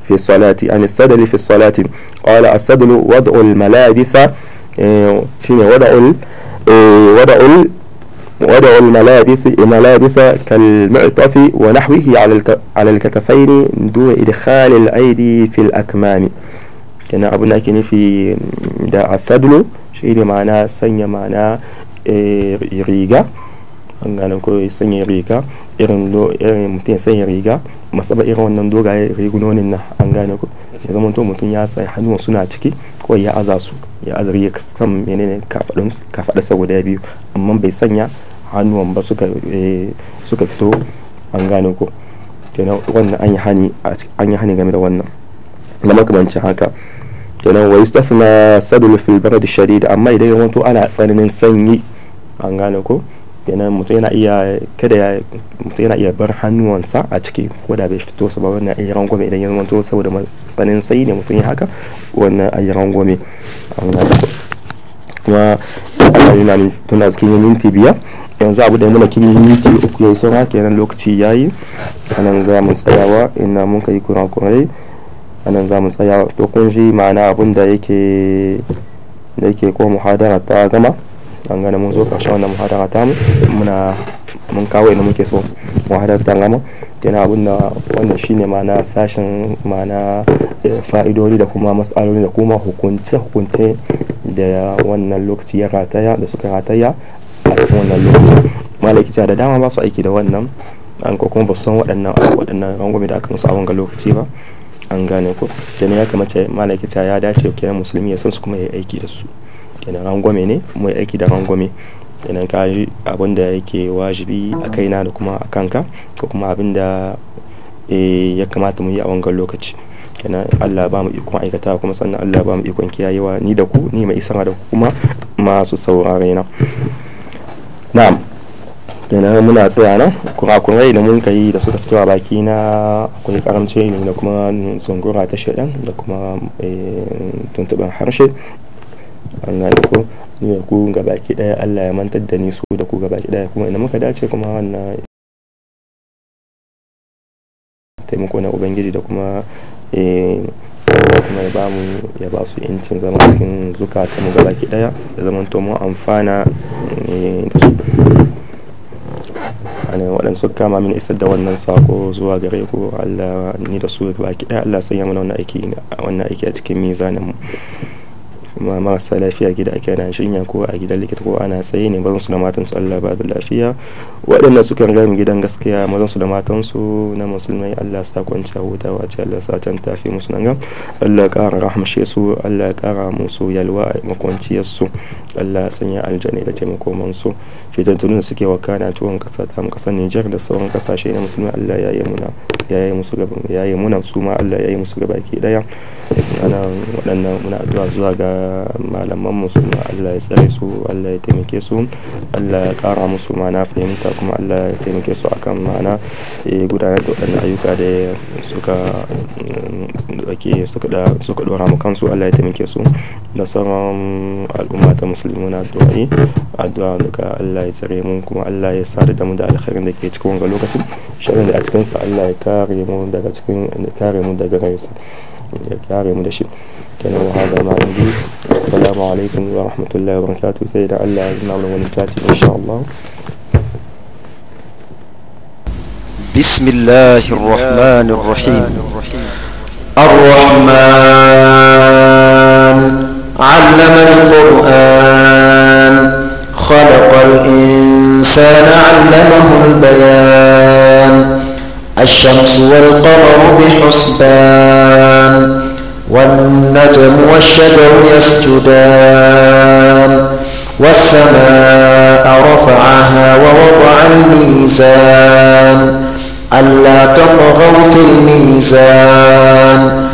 في الصلاة عن السدل في الصلاة قال السدل وضع الملابس آه، شنو وضع آه، وضع وضع الملابس ملابس كالمعطف ونحوه على على الكتفين دون إدخال الأيدي في الأكمام kenan abin da ake nufi da asadlo shi ne ma'ana sanya ma'ana eh, riga an gane ko sanya riga irin mutum ya sanya riga masaba irin wannan dogaye rigunonin na an gane ko ya zama to mutum ya sa hannun suna ciki ko ya aza su ya aza ya san menene kafaɗa kafadarsa guda biyu amma bai sanya hannuwan ba eh, suka fito an gane ko kenan wannan an yi hani game da wannan na makamancin haka kenan wa yastafna sadul fil barad shadid amma idan yawan to ana tsananin sanyi an gane ko kenan mutum yana iya kada ya mutum yana iya bar hannuwansa a ciki ko da bai fito sa ba wannan ayi rangwame idan yawan to saboda tsananin sanyi ne mutum ya haka wannan ayi rangwame kuma Allah yana ni tana cikin minti biyar yanzu abu da ya muna kimin minti uku yayi saura kenan lokaci yayi anan za mu tsayawa ina mun kai kurakurai anan za mu tsaya to kun ji ma'ana abin da yake da yake ko muhadara ta gama an gane mun zo ƙarshen wannan muhadara ta mu muna mun kawo inda muke so muhadara ta gama yana abin da wannan shine ma'ana sashen ma'ana eh, fa'idodi da kuma matsaloli da kuma hukunce-hukunce da wannan lokaci ya rataya da suka rataya a cikin wannan lokaci malaikica da dama ba su aiki da wannan an ko kuma ba san waɗannan waɗannan rangwame da aka musu a wanga lokaci ba an gane ko kenan ya kamata malakita ya dace kiran musulmi ya san su kuma ya aiki da su kenan rangwame ne mai aiki da rangwame kenan ka abin da yake wajibi a kaina da kuma a kanka ko kuma abin da eh, ya kamata mu yi a wangan lokaci kenan Allah ba mu ikon aikata kuma sannan Allah ba mu ikon kiyayewa ni da ku ni mai isa da ku kuma masu saurare na kenan muna tsaya nan kurakurai da mun kai da suka fitowa baki na akwai karamci ilimi da kuma tsungura ta shaidan da kuma eh, tuntuɓin harshe an gane ko ni da ku ga baki daya Allah ya mantar da ni su da ku ga baki daya kuma ina muka dace kuma wannan taimako na ubangiji da kuma eh, kuma ya bamu ya ba su yancin zama cikin ta mu ga baki daya da zaman mu amfana da ma'ana waɗansu kama min isar da wannan sako zuwa gare ku Allah ni da su baki ɗaya Allah sanya mana wannan aiki a cikin mizanin mu marasa lafiya gida ake ana jinya ko a gidan likita ko ana tsaye ne mazan su da matan su Allah ba da lafiya waɗanda suka riga gidan gaskiya mazan su da matan su na musulmai Allah sa kwanciya hutawa ce Allah sa can tafi musu nan Allah ƙara rahmashe su Allah ƙara musu yalwa a makwanciyar su Allah sanya aljanna da taimakon su fitantunu da suke kana tuwon kasa ta mu kasan Nijar da sauran kasashe na musulmai Allah ya yi muna ya yi musu gaba ya yi muna su ma Allah ya yi musu gaba ke daya ana waɗannan muna addu'a zuwa ga malaman su ma allah ya tsare su allah ya taimake su allah ya kara musu mana fahimta kuma allah ya taimake su akan mana eh, gudanar da waɗannan ayyuka da suka mm, ake suka dora mu kansu allah ya taimake su da sauran al'umma ta musulmi na addu'a'i addu'a daga allah ya tsare mu kuma allah ya sa da mu da alkhairin da ke cikin wanga lokacin shirin da a cikinsa allah ya kare mu daga cikin kare mu daga rai. كامل مدشب كان هذا ما عندي السلام عليكم ورحمة الله وبركاته سيدة الله عزنا ولساتي إن شاء الله بسم الله الرحمن الرحيم الرحمن علم القرآن خلق الإنسان علمه البيان الشمس والقمر بحسبان والنجم والشجر يسجدان والسماء رفعها ووضع الميزان ألا تطغوا في الميزان